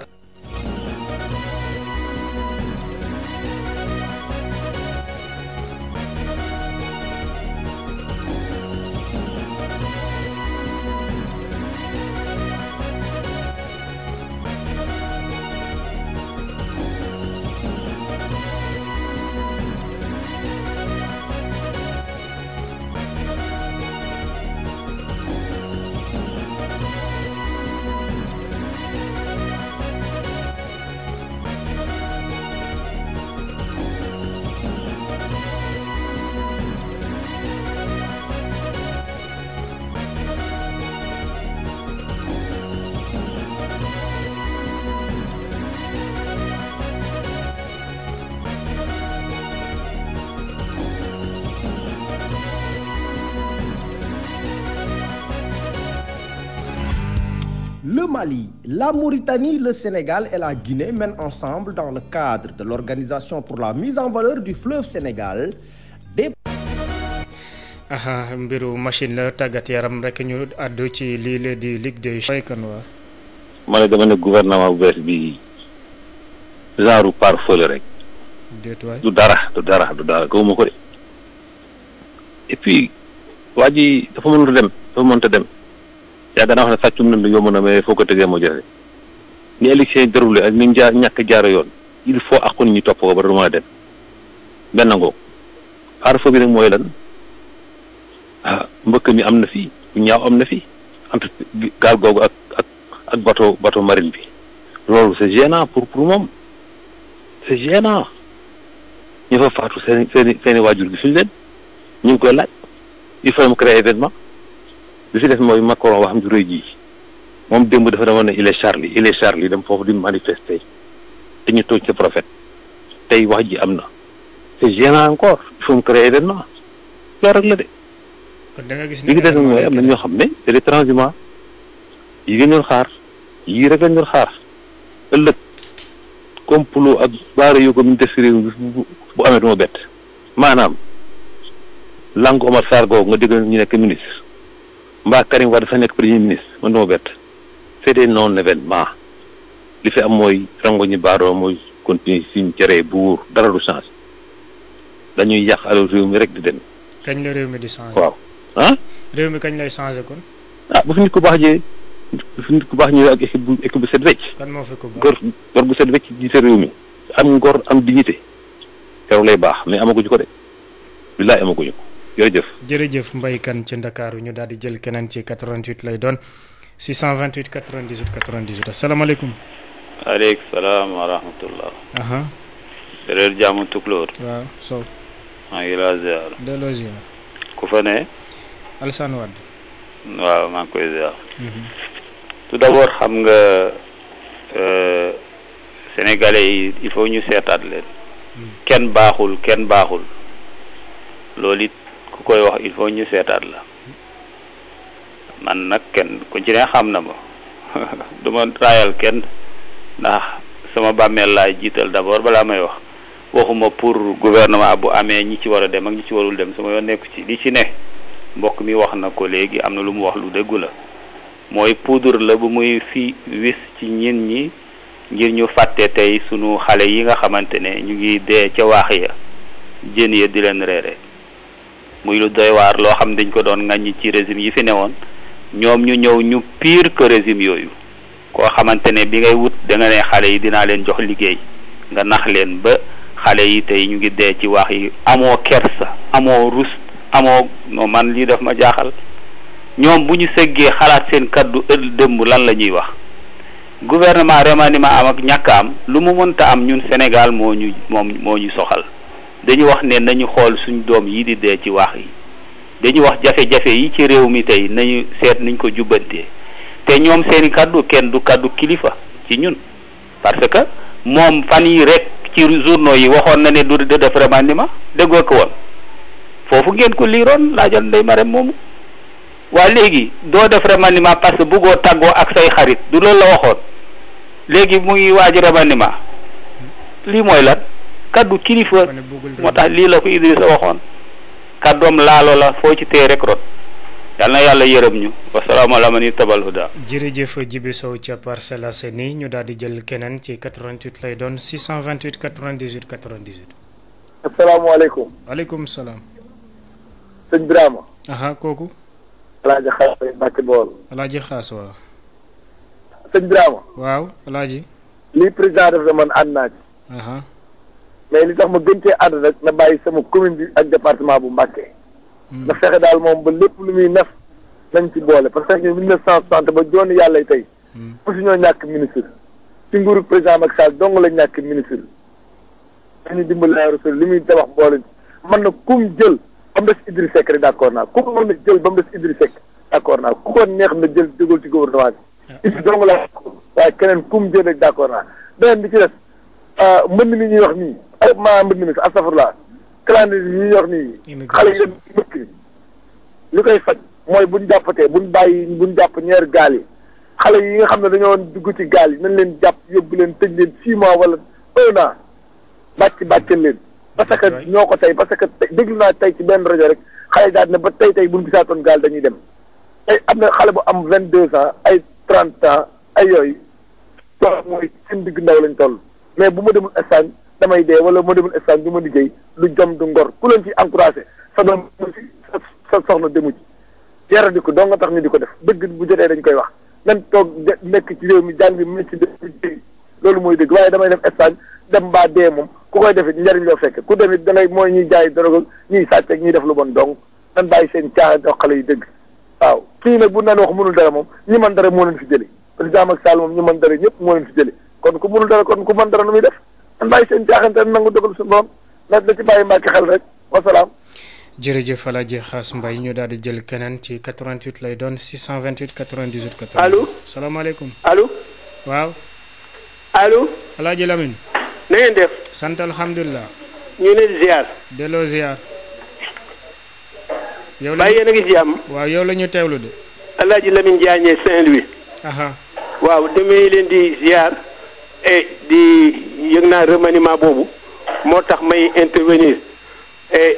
le Mali, la Mauritanie, le Sénégal et la Guinée mènent ensemble dans le cadre de l'Organisation pour la mise en valeur du fleuve Sénégal des aha mbiru machine la tàggat yaram rek ñu àddu ci lii la di ligue des champions. ma ne dama ne bu bees bi genre pare-feu la rek. du dara du dara du dara gëmuma ko de. et puis waa ji dafa mënut dem dafa mënut dem. yàgg naa wax ne sàccum nañ la mën a mais foo ko tegee moo jafe ni élection yi déroulé ak ni jaar ñàkk jaaro yoon il faut akun ñu topp ko ba du mën a dem benn ngoog aarfo bi nag mooy lan ah, mbëkk mi am na fi bu ñaaw am na fi entre gaal googu ak ak ak bateau bi loolu c'est gênant pour pour moom c'est gênant ñu fa faatu seen seen seeni seen i waajur gi suñu leen ñu ngi koy laaj il faut mu créer événement li si def mooy Macron waxam ju rëy jii moom démb dafa demoon ne il est Charlie il est Charlie dem foofu di manifester te ñu toog ca prophète tey wax ji am na c'est gênant encore il faut mu créer événement loolu rek la de. kon nga gis li des mooy am na ñoo xam ne c'est des yi ngeen doon xaar yii rek lañ xaar ëllëg complot ak baara yoo ko mu def si réew bu amee du ma bett maanaam langue Omar Sarr googu nga dégg ñu nekk ministre. mbaa Karim Wade dafa nekk premier ministre man dama bett c'est des non événement li fi am mooy rango ñu baaroo mooy continuer suñu cëree bu wóor dara du change dañuy yàq alal réew mi rek di dem. kañ la réew mi di waaw ah. réew mi kañ lay changé kon. ah bu fi nit ku baax jee bu fi nit ku baax ñu ak équipe bu équipe bu set wecc. kan moo ko baax góor góor bu set wecc jiite réew mi am ngor am dignité. keroog lay baax mais amaguñu ko de billaay amaguñu ko. jërëjëf. jërëjëf Mbaye Kane ci Ndakaaru ñu daal di jël keneen ci 88 lay doon 628 98 98 asalaamaaleykum. aleykum salaam wa rahmatullah. réer jàmm tukulóor. waaw Sow. maa ngi laa ziar. delloo ziar. ku fa ne. Alassane Wade. waaw maa koy ziar. Mhm. tout d'abord xam nga euh, sénégalais yi il faut ñu seetaat leen. Mhm. kenn baaxul kenn baaxul loolu it ku koy wax il faut ñu seetaat la man nag kenn ku ci ne xam na ma du raayal kenn ndax sama bàmmeel laay jiital d'abord balaa may wax waxuma pour gouvernement bu amee ñi ci war a dem ak ñi ci warul dem sama yoon nekku ci li ci ne mbokk mi wax na ko léegi am na lu mu wax lu dëggu la mooy poudre la bu muy fi wis ci ñin ñi ngir ñu fàtte tey sunu xale yi nga xamante ne ñu ngi dee ca waax ya jën ya di leen reere muy lu doy waar loo xam dañ ko doon ñi ci régime yi fi woon ñoom ñu ñëw ñu piir que régime yooyu koo xamante ne bi ngay wut da ne xale yi dinaa leen jox liggéey nga nax leen ba xale yi tey ñu ngi dee ci wax yi amoo kersa amoo rus amoo non man lii def ma jaaxal ñoom bu ñu seggee xalaat seen kaddu ëll dëmb lan la ñuy wax gouvernement ma am ak ñàkk am lu mu mënta am ñun Sénégal moo ñu moom moo ñu soxal dañu wax ne nañu xool suñ doom yi di dee ci wax yi dañu wax jafe-jafe yi ci réew mi tey nañu seet niñ ko jubbantee te ñoom seeni kàddu kenn du kàddu kilifa ci ñun parce que moom fan yi rek ci journaux yi waxoon na ne du def ma déggoo ko woon foofu ngeen ko liiroon laajal ndey Marème moomu waa léegi doo def remaniement parce que bëggoo tàggoo ak say xarit du loolu la waxoon léegi mu ngi waaj remaniement lii mooy lan kaddu kilifa moo tax lii la ko Idrissa waxoon kaddoom laalo la foo ci tey rek rot na yàlla yërëm ñu wasalaamala ma ni tabal huda jërëjëf Jibi Sow ca Parcelles Assainies ñu daal di jël keneen ci 88 lay doon 628 98 98 asalaamaaleykum aleykum salaam sëñ Birama aha kooku alaaji xaas Mbàkke bool alaaji xaas waaw sëñ Birama waaw alaaji lii président def na man ànd naa mais li tax ma gën cee àdd nag na bàyyi sama commune bi ak département bu Mbacké. Hmm. na fexe daal moom ba lépp lu muy nef nañ ci boole parce que ñun mille neuf cent soixante ba jooni yàlla tey. Hmm. mosu ñoo ñàkk ministre. ci nguuru président Macky Sall dong la ñàkk ministre. dañuy dimbali laa li muy tawax boole man na kum jël ba mu des Idriss Seck rek d' kum mën na jël ba mu des Idriss Seck d' accord naa neex na jël jógal ci gouvernement bi. Ah. Idriss dong la waaye keneen kum jël rek d' accord naa beneen bi ci des euh, mën na li ñuy wax nii. ay maa mbir mi astafurlah calendrier yi ñu yor nii. xale yi mbëkk li koy faj mooy bu buñ jàppatee buñ bàyyi buñ jàpp ñeer gaal yi xale yi nga xam ne dañoo dugg ci gaal yi nañ leen jàpp yóbbu leen tëj leen six mois wala un an bàcc bàccal leen. parce que ñoo ko tey parce que déglu naa tey ci benn rajo rek xale daal ne ba tey tey bu buñ gisaatoon gaal dañuy dem tey am na xale bu am vingt deux ans ay trente ans ay yooyu. loolu mooy seen digg ndaw lañ toll mais bu ma demul Espagne. damay dee wala ma dem stage du ma liggéey lu jom du ngor ku leen ci encouragé sa doom sa sa soxna demu ci yara di ko doo nga tax ni di ko def dëgg bu jotee dañ koy wax nan toog nekk ci réew mi jàng métier de loolu mooy dëgg waaye damay def stage dem baa dee moom ku koy defit njariñ loo fekk ku demit da ngay mooy ñuy jaay drogue ñuy sàcc ak ñuy def lu bon dong nan bàyyi seen caaxaan dox xale yi dëgg waaw kii nag bu nan wax mënul dara moom ñu man dara moo leen fi jëli président Macky Sall moom ñi mën ñëpp moo leen fi jëli kon ku mënul dara kon ku mën dara nu muy def dañ bàyyi seen jaaxante nangu dogal suñu borom na ci bàyyi Mbàkke xel rek wasalaam. jërëjëf El Hadj Xaas Mbaye ñu daal di jël keneen ci 88 lay doon 628 98 98. allo salaamaaleykum. allo. waaw. allo. El Hadj Lamine. na ngeen def. sant alhamdulilah. ñu ne ziar. delloo ziar. yow la bàyyi a ngi jàmm. waaw yow lañu ñu teewlu de. El Hadj Lamine Diagne Saint-Louis. waaw damay leen di ziar. E di yëg naa remaniement boobu moo tax may intervenir et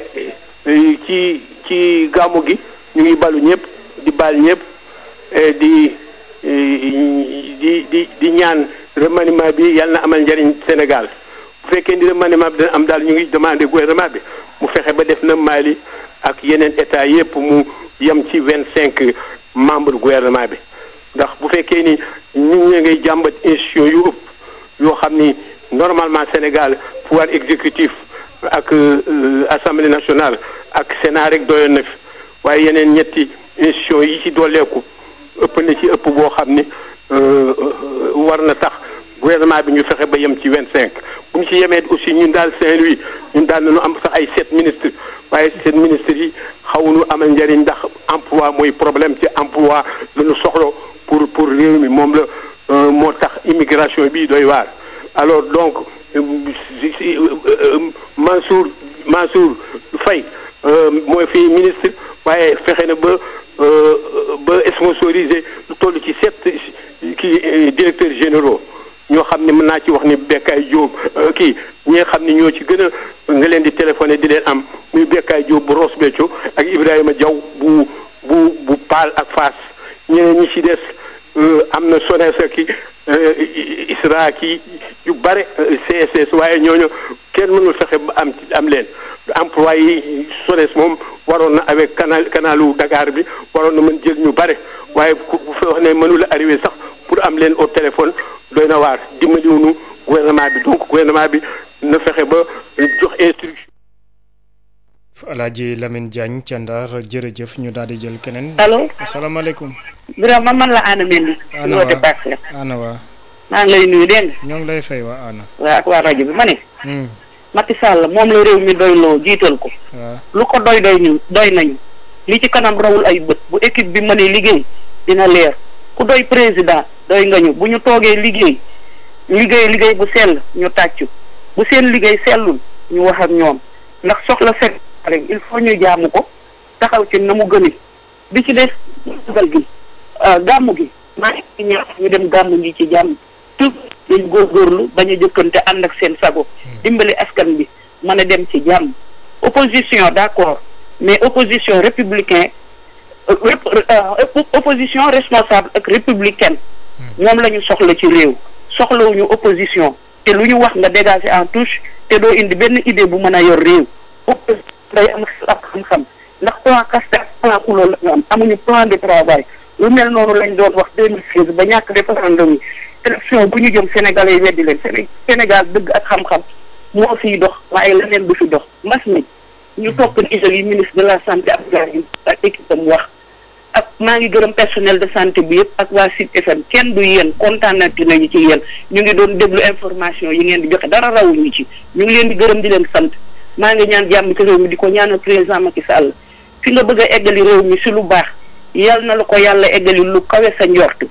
e, ci ci gàmmu gi ñu ngi balu ñëpp di bal ñëpp et di e, di di di ñaan remaniement bi yàlla na amal njariñ Sénégal bu fekkee ni remaniement bi dana am daal ñu ngi demandé gouvernement bi mu fexe ba def na Mali ak yeneen état yëpp mu yem ci vingt cinq membre gouvernement bi ndax bu fekkee ni ñu ngi ngay jàmbat institution yu yoo xam ni normalement Sénégal pouvoir exécutif ak euh, assemblée nationale ak Sénat rek doyoon na fi waaye yeneen ñetti institutions yi ci dooleeku ëpp na ci ëpp boo xam ni euh, war na tax gouvernement bi ñu fexe ba yem ci vingt cinq bu ñu ci yemee aussi ñun daal Saint-Louis ñun daal nañu am sax ay sept ministres waaye sept ministres yi xaw xawuñu amal njëriñ ndax emploi mooy problème ci emploi lu ñu soxla pour pour réew mi moom la. Euh, moo tax immigration bii doy waar alors donc euh, euh, Mansour Mansour Faye mooy fi ministre waaye fexe na ba ba sponsorisé lu toll ci sept kii directeurs généraux ñoo xam ne mën naa ci wax ni Bekkaay Jóob kii ñi nga xam ne ñoo ci gën a nga leen di téléphoné di leen am muy Bekkaay Jóob bu Ross Béthio ak Ibrahima Diaw bu bu bu Paal ak Faas ñeneen ñi ci des Euh, am na SONES ki euh, ISRA ki yu bare euh, CSS waaye ñooñu kenn mënul fexe ba am am leen employé yi SONES moom waroon na avec canal canalu Dakar bi waroon na mën jël ñu bare waaye ku wax ne mënula arrivé sax pour am leen au téléphone doy na waar dimbaliwunu gouvernement bi donc gouvernement bi na fexe ba jox instruction Alaaji Lamine Diagne ca Ndar jërëjëf ñu daal di jël keneen. allo asalaamaaleykum. ma man la Anna Mendy. Anna waaw Anna waaw. maa ngi lay nuyu dégg ñoo ngi lay fay waa Anna. waaw ak waa rajo bi ma ne. Hmm. Macky moom la réew mi doyloo jiital ko. lu ko doy doy ñu doy nañu. li ci kanam rawul ay bët bu équipe bi mënee liggéey dina leer ku doy président doy nga ñu bu ñu toogee liggéey liggéey liggéey bu sell ñu tàccu bu seen liggéey sellul ñu wax ñoom ndax soxla set rek il faut ñuy jàmm ko taxaw ci na mu gëne bi ci def magal gi euh, gàmmu gi maa ngi ñu dem gàmmu gi ci jàmm tout dañu góorgóorlu bañ a jëkkante ànd ak seen sago hmm. dimbali askan bi mën a dem ci jàmm opposition d'accord mais opposition républicain euh, euh, opposition responsable ak républicain hmm. moom la ñu soxla ci réew soxlawuñu opposition te lu ñu wax nga dégager en touche te doo indi benn idée bu mën a yor réew day am ak xam-xam ndax plan caste ak plan xuloo la ñu am amuñu plan de travail lu mel noonu lañ doon wax 2016 ba ñàkk référendum yi élection bu ñu jëm sénégalais yi weddi leen Sénégal dëgg ak xam-xam moo fiy dox waaye leneen bu fi dox mbas mi ñu topp ndigal yi ministre de la santé ak gars ak équipe am wax ak maa ngi gërëm personnel de santé bi yëpp ak waa Sud FM kenn du yéen kontaanati nañu ci yéen ñu ngi doon déglu information yi ngeen di joxe dara rawuñu ci ñu ngi leen di gërëm di leen sant maa ngi ñaan jàmm ci réew mi di ko ñaanal président Macky Sall fi nga bëgg a eggali réew mi si lu baax yal na la ko yàlla eggali lu kawe sa njort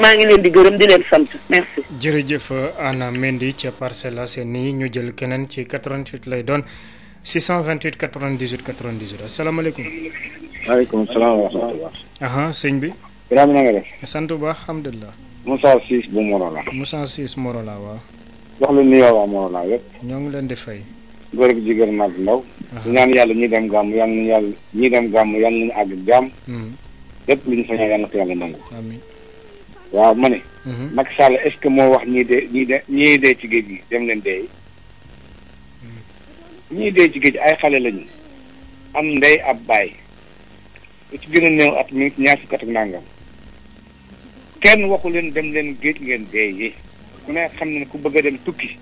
maa ngi leen di gërëm di leen sant merci. jërëjëf Anna Mendy ca Parcelles Assainies ñu jël keneen ci 88 lay doon 628 98 98 asalaamaaleykum. maaleykum salaam wa rahmatulah. sëñ bi. Birame na nga def. sant bu baax alhamdulilah. Moussa Ciss bu Morola. Moussa Ciss Morola waaw. wax lu nuyoo waa Morola yëpp. ñoo ngi leen di fay. góor ak jigéen mag ndaw di yàlla ñi dem gàmm yal nañu yàlla ñi dem gàmm yal nañu àgg jàmm hmm. lu ñu fa ñaan yàlla nangu waaw ma ne hmm. Macky Sall est-ce que moo wax ñii de ñii de ñii dee ci géej gi dem leen dee hmm. ñii dee ci géej ay xale lañu am ndey ab baay lu ci gën a néew at mi ñaar fukk ak nangam kenn waxu leen dem leen géej ngeen dee yi ku ne xam ne ku bëgg a dem tukki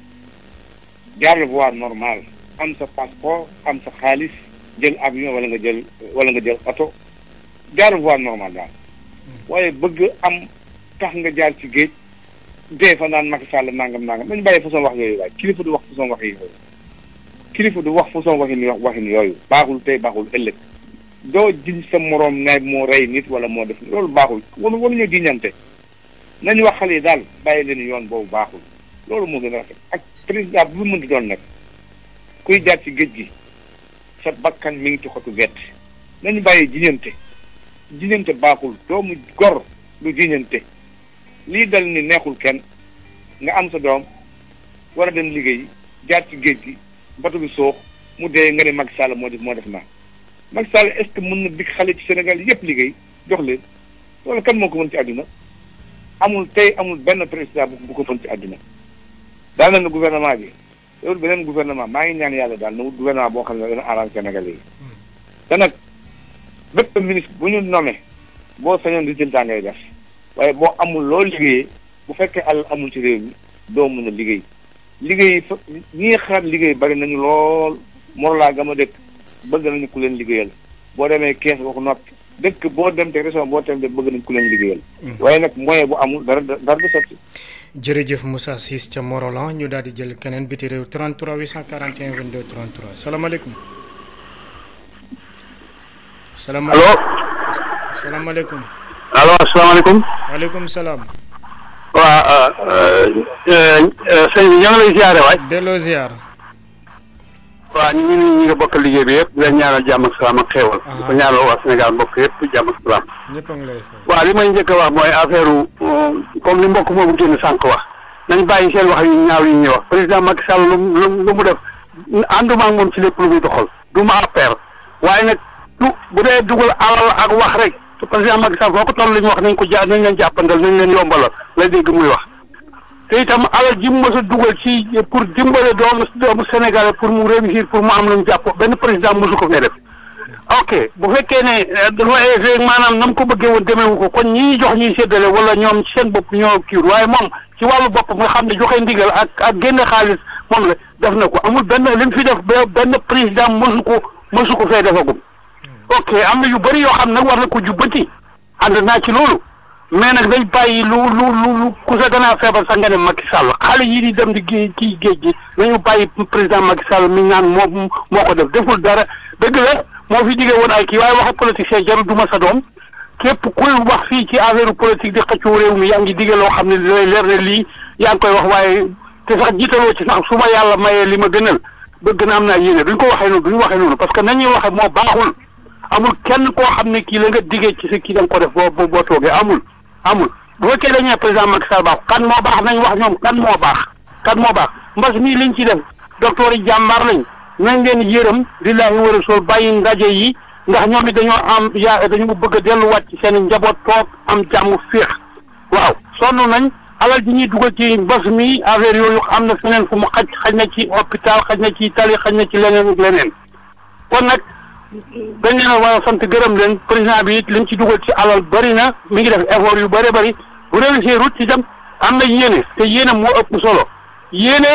jaar le voie am sa passeport am sa xaalis jël avion wala nga jël wala nga jël oto jaar voie normale daal hmm. waaye bëgg am tax nga jaar ci géej dee fa naan Macky Sall nangam nangam dañu bàyyi façon wax yooyu waaye kilifa du wax façon wax du wax façon waxin yo yooyu baaxul tey baaxul ëllëg doo jiñ sa moroom ngay moo rey nit wala moo def loolu baaxul wala wala ñoo jiñante nañu wax xale yi daal bàyyi leen yoon boobu baaxul loolu moo gën a rafet ak président bu mën di doon nekk kuy jaar ci géej gi sa bakkan mi ngi ci xotu gett nañu bàyyi jiñante jiñante baaxul doomu gor lu jiñante lii dal ni neexul kenn nga am sa doom war a dem liggéey jaar ci géej gi bato bi soox mu dee nga ne Macky Sall moo def moo def naa Macky Sall est-ce mën na dig xale ci Sénégal yépp liggéey jox leen loolu kan moo ko mën ci àdduna amul tey amul benn président bu ko mën ci àdduna daanaka gouvernement bi loolu beneen gouvernement maa ngi ñaan yàlla daal na wut boo xam ne dana arrange Sénégalais yi. te nag bépp ministre bu ñu nommé boo sañoon résultat ngay def waaye boo amul loo liggéeyee bu fekkee àll amul ci réew mi doo mun liggéey liggéey fa ñi nga xalaat liggéey bari nañu lool Morola gama dëkk bëgg nañu ku leen liggéeyal boo demee kees wax noppi. dëkk boo dem te région boo dem te bëgg nañ ku leen liggéeyal. waaye nag moyen bu amul dara dara du sotti. jërëjëf musa Ciss ca Morolan ñu daal di jël keneen bi biti réew 33 841 22 33 salaamaaleykum. salaamaaleykum allo. salaamaaleykum. allo asalaamaaleykum. waaleykum salaam. waa euh, euh, euh, sëñ bi ñoo ngi lay ziare waay. delloo ziar. waaw ñu ngi ñi nga bokk liggéey bi yëpp di leen ñaanal jàmm ak salaam ak xéewal ah. di ko ñaanal waa Sénégal mbokk li may njëkk wax mooy affaire comme li mbokk moomu génn sànq wax nañ bàyyi seen wax yu ñaaw yi ñuy wax président Macky Sall lu mu lu mu def ànduma ak moom lépp lu muy doxal du ma affaire waaye nag lu bu dee alal ak wax rek président Macky Sall foo ko toll ñu wax nañ ko ja nañ leen jàppandal nañ leen yombalal lay dégg muy wax te itam alal ji mu mës a dugal ci pour dimbale doomu doomu Sénégal pour mu réussir pour mu am lu mu jàpp benn président mësu ko fee def fekkee ne loolu euh, maanaam na mu ko bëggee woon demeewu kon ñi ñuy jox ñuy séddale wala ñoom seen bopp ñoo waaye moom ci wàllu bopp nga xam ne joxe ndigal ak ak génne xaalis moom la def na ko amul benn li mu fi def benn président mësu ko mësu ko fee defagum ok am na yu bëri yoo xam na war na ko jubbanti ànd naa ci loolu. mais nag dañ bàyyi lu lu lu lu ku sa danaa feebar sax nga ne Macky Sall xale yi di dem di géej ci géej gi nañu bàyyi président Macky Sall mi naan moo moo ko def deful dara dëgg la moo fi jigee woon ay kii waaye wax politicien jarul du ma sa doom képp ku wax fii ci affaire politique di xëccoo réew mi yaa ngi digge loo xam ne lay leer ne lii yaa ngi koy wax waaye te sax jiitaloo ci sax su ma yàlla mayee li ma gënal bëgg na am naa yéene duñ ko waxee noonu duñ waxee noonu parce que nañuy waxee moo baaxul amul kenn koo xam ne kii la nga diggee ci kii da ko def boo boo toogee amul amul bu fekkee dañu ne président Macky Sall baax kan moo baax nañ wax ñoom kan moo baax kan moo baax mbas mii liñ ci def docteur yi jàmbaar nañ leen yërëm di laahi war a sol bàyyi ndaje yi ndax ñoom it dañoo am ya dañu bëgg a delluwaat ci seen njaboot toog am jàmm féex waaw sonn nañ alal ji ñuy dugal ci mbas mi affaire yooyu am na feneen fu mu xaj xaj na ci hôpital xaj na ci tali xaj na ci leneen ak leneen kon nag dañ leen war a sant gërëm leen président bi it li mu ci dugal ci alal bëri na mi ngi def effort yu bëri bari bu réussir wut ci dem am na yéene te yéene moo ëpp solo yéene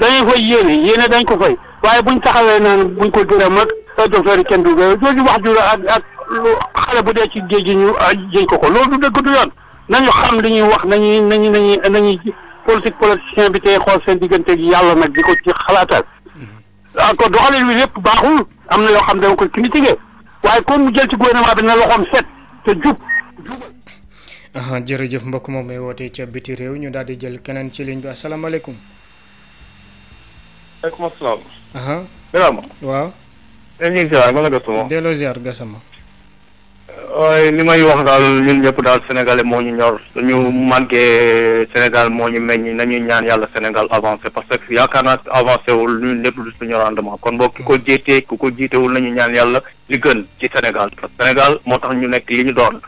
dañuy fay yéene yéene dañ ko fay waaye buñ taxawee naan buñ ko gërëm ak sa docteur yi kenn du jooju wax ju ak ak xale bu dee ci géej gi ñu ah, jëñ ko ko loolu du dëgg du yoon nañu xam li ñuy wax nañuy nañu nañuy nañuy politique politicien bi tey xool seen digganteeg yàlla nag di ko ci xalaatal. ko mm-hmm. doxalin wi lépp baaxul. am na yoo xam ne dama waaye kon mu jël ci gouvernement bi na loxoom set te jub jubal. jërëjëf mbokk moom may wootee ca biti réew ñu daal di jël keneen ci ligne bi asalaamaaleykum. waaleykum waaw. ñu si waay man waaye li may wax daal ñun ñëpp daal sénégalais moo ñu ñor suñu màggee Sénégal moo ñu meññ nañu ñaan yàlla Sénégal avancé parce que yaakaar naa avancé wul ñun lépp du suñu rendement kon boog ki ko jiitee ku ko jiitewul nañu ñaan yàlla li gën ci Sénégal parce Sénégal moo tax ñu nekk li ñu doon.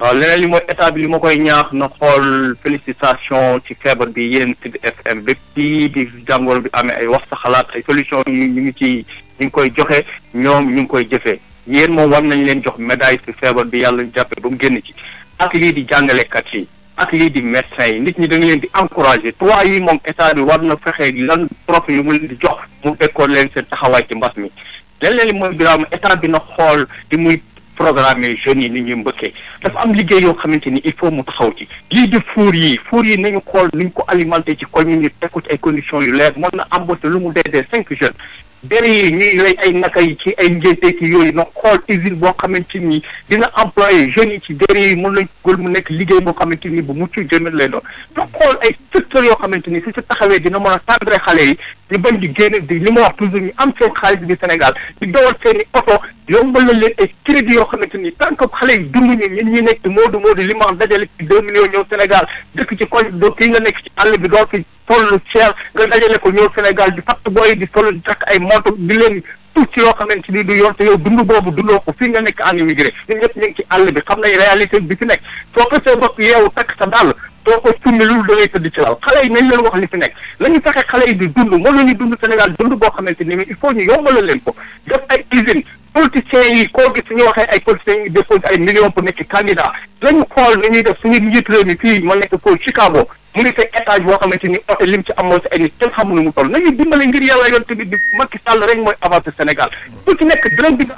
waaw leneen li mooy état bi li ma koy ñaax na xool félicitation ci feebar bi yéen Sud FM bépp fii di jàngoro bi amee ay wax sa xalaat ay solution yi ñu ngi ci ñu ngi koy joxe ñoom ñu ngi koy jëfee. yéen moom war nañ leen jox médaille si feebar bi yàlla ñu jàppee ba mu génn ci ak lii di jàngalekat yi ak lii di médecins yi nit ñi da leen di encouragé trois yi moom état bi war na fexee lan prof yi mu leen di jox mu fekkoon leen seen taxawaay ci mbas mi leneen li mooy biraam état bi na xool di muy programme jeunes yi ni ñuy mbëkkee dafa am liggéey yoo xamante ni il faut mu taxaw ci lii di four yi fuur yi nañu xool nuñ ko alimenter ci commune yi teg ko ci ay conditions leer mën na embauché lu mu dee dee cinq jeunes der yi ñuy rey ay naka yi ci ay ngénte ki yooyu na xool usine boo xamante ni dina employé jeunes yi ci der yi mën lañ gël mu nekk liggéey boo xamante ni bu mucc jëmale lay doon na xool ay secteurs yoo xamante ni su ci taxawee dina mën a tendre xale yi ñu bañ di génn di li ma wax toujours ñu am seen xaalis bi Sénégal di dawal seen i oto yombal la leen ay crédit yoo xamante ni tant que xale yi dund ñu ñun ñi nekk moodu moodu li ma wax dajale ci deux millions ñëw Sénégal dëkk ci koñ doo kii nga nekk ci àll bi doo fi toll cher nga dajale ko ñëw Sénégal di fatt booy di toll di takk ay moto di leen tuut ci yoo xamante ni du yoon te yow dund boobu dundoo ko fii nga nekk en immigré ñun ñëpp ñu ngi ci àll bi xam nañ réalité bi fi nekk soo ko see bopp yeewu takk sa dàll soo ko summi loolu da ngay tëdd ci xale yi nañ leen wax li fi nekk lañu fexe xale yi di dund moom la ñuy dund Sénégal dund boo xamante ni mais il faut ñu yombalal leen ko def ay usine politiciens yi koo gis ñu waxee ay politiciens yi déposé nekk candidat lañu xool ñuy def suñu njiit réew mi fii ma nekk ko Chicago mu ngi fay étage boo xamante ni oto lim ci amoon si ay nit kenn xamul nu mu toll nañu dimbale ngir yàlla yoon tamit bi Macky Sall rek mooy avancé Sénégal ku ci nekk dërëm bi nga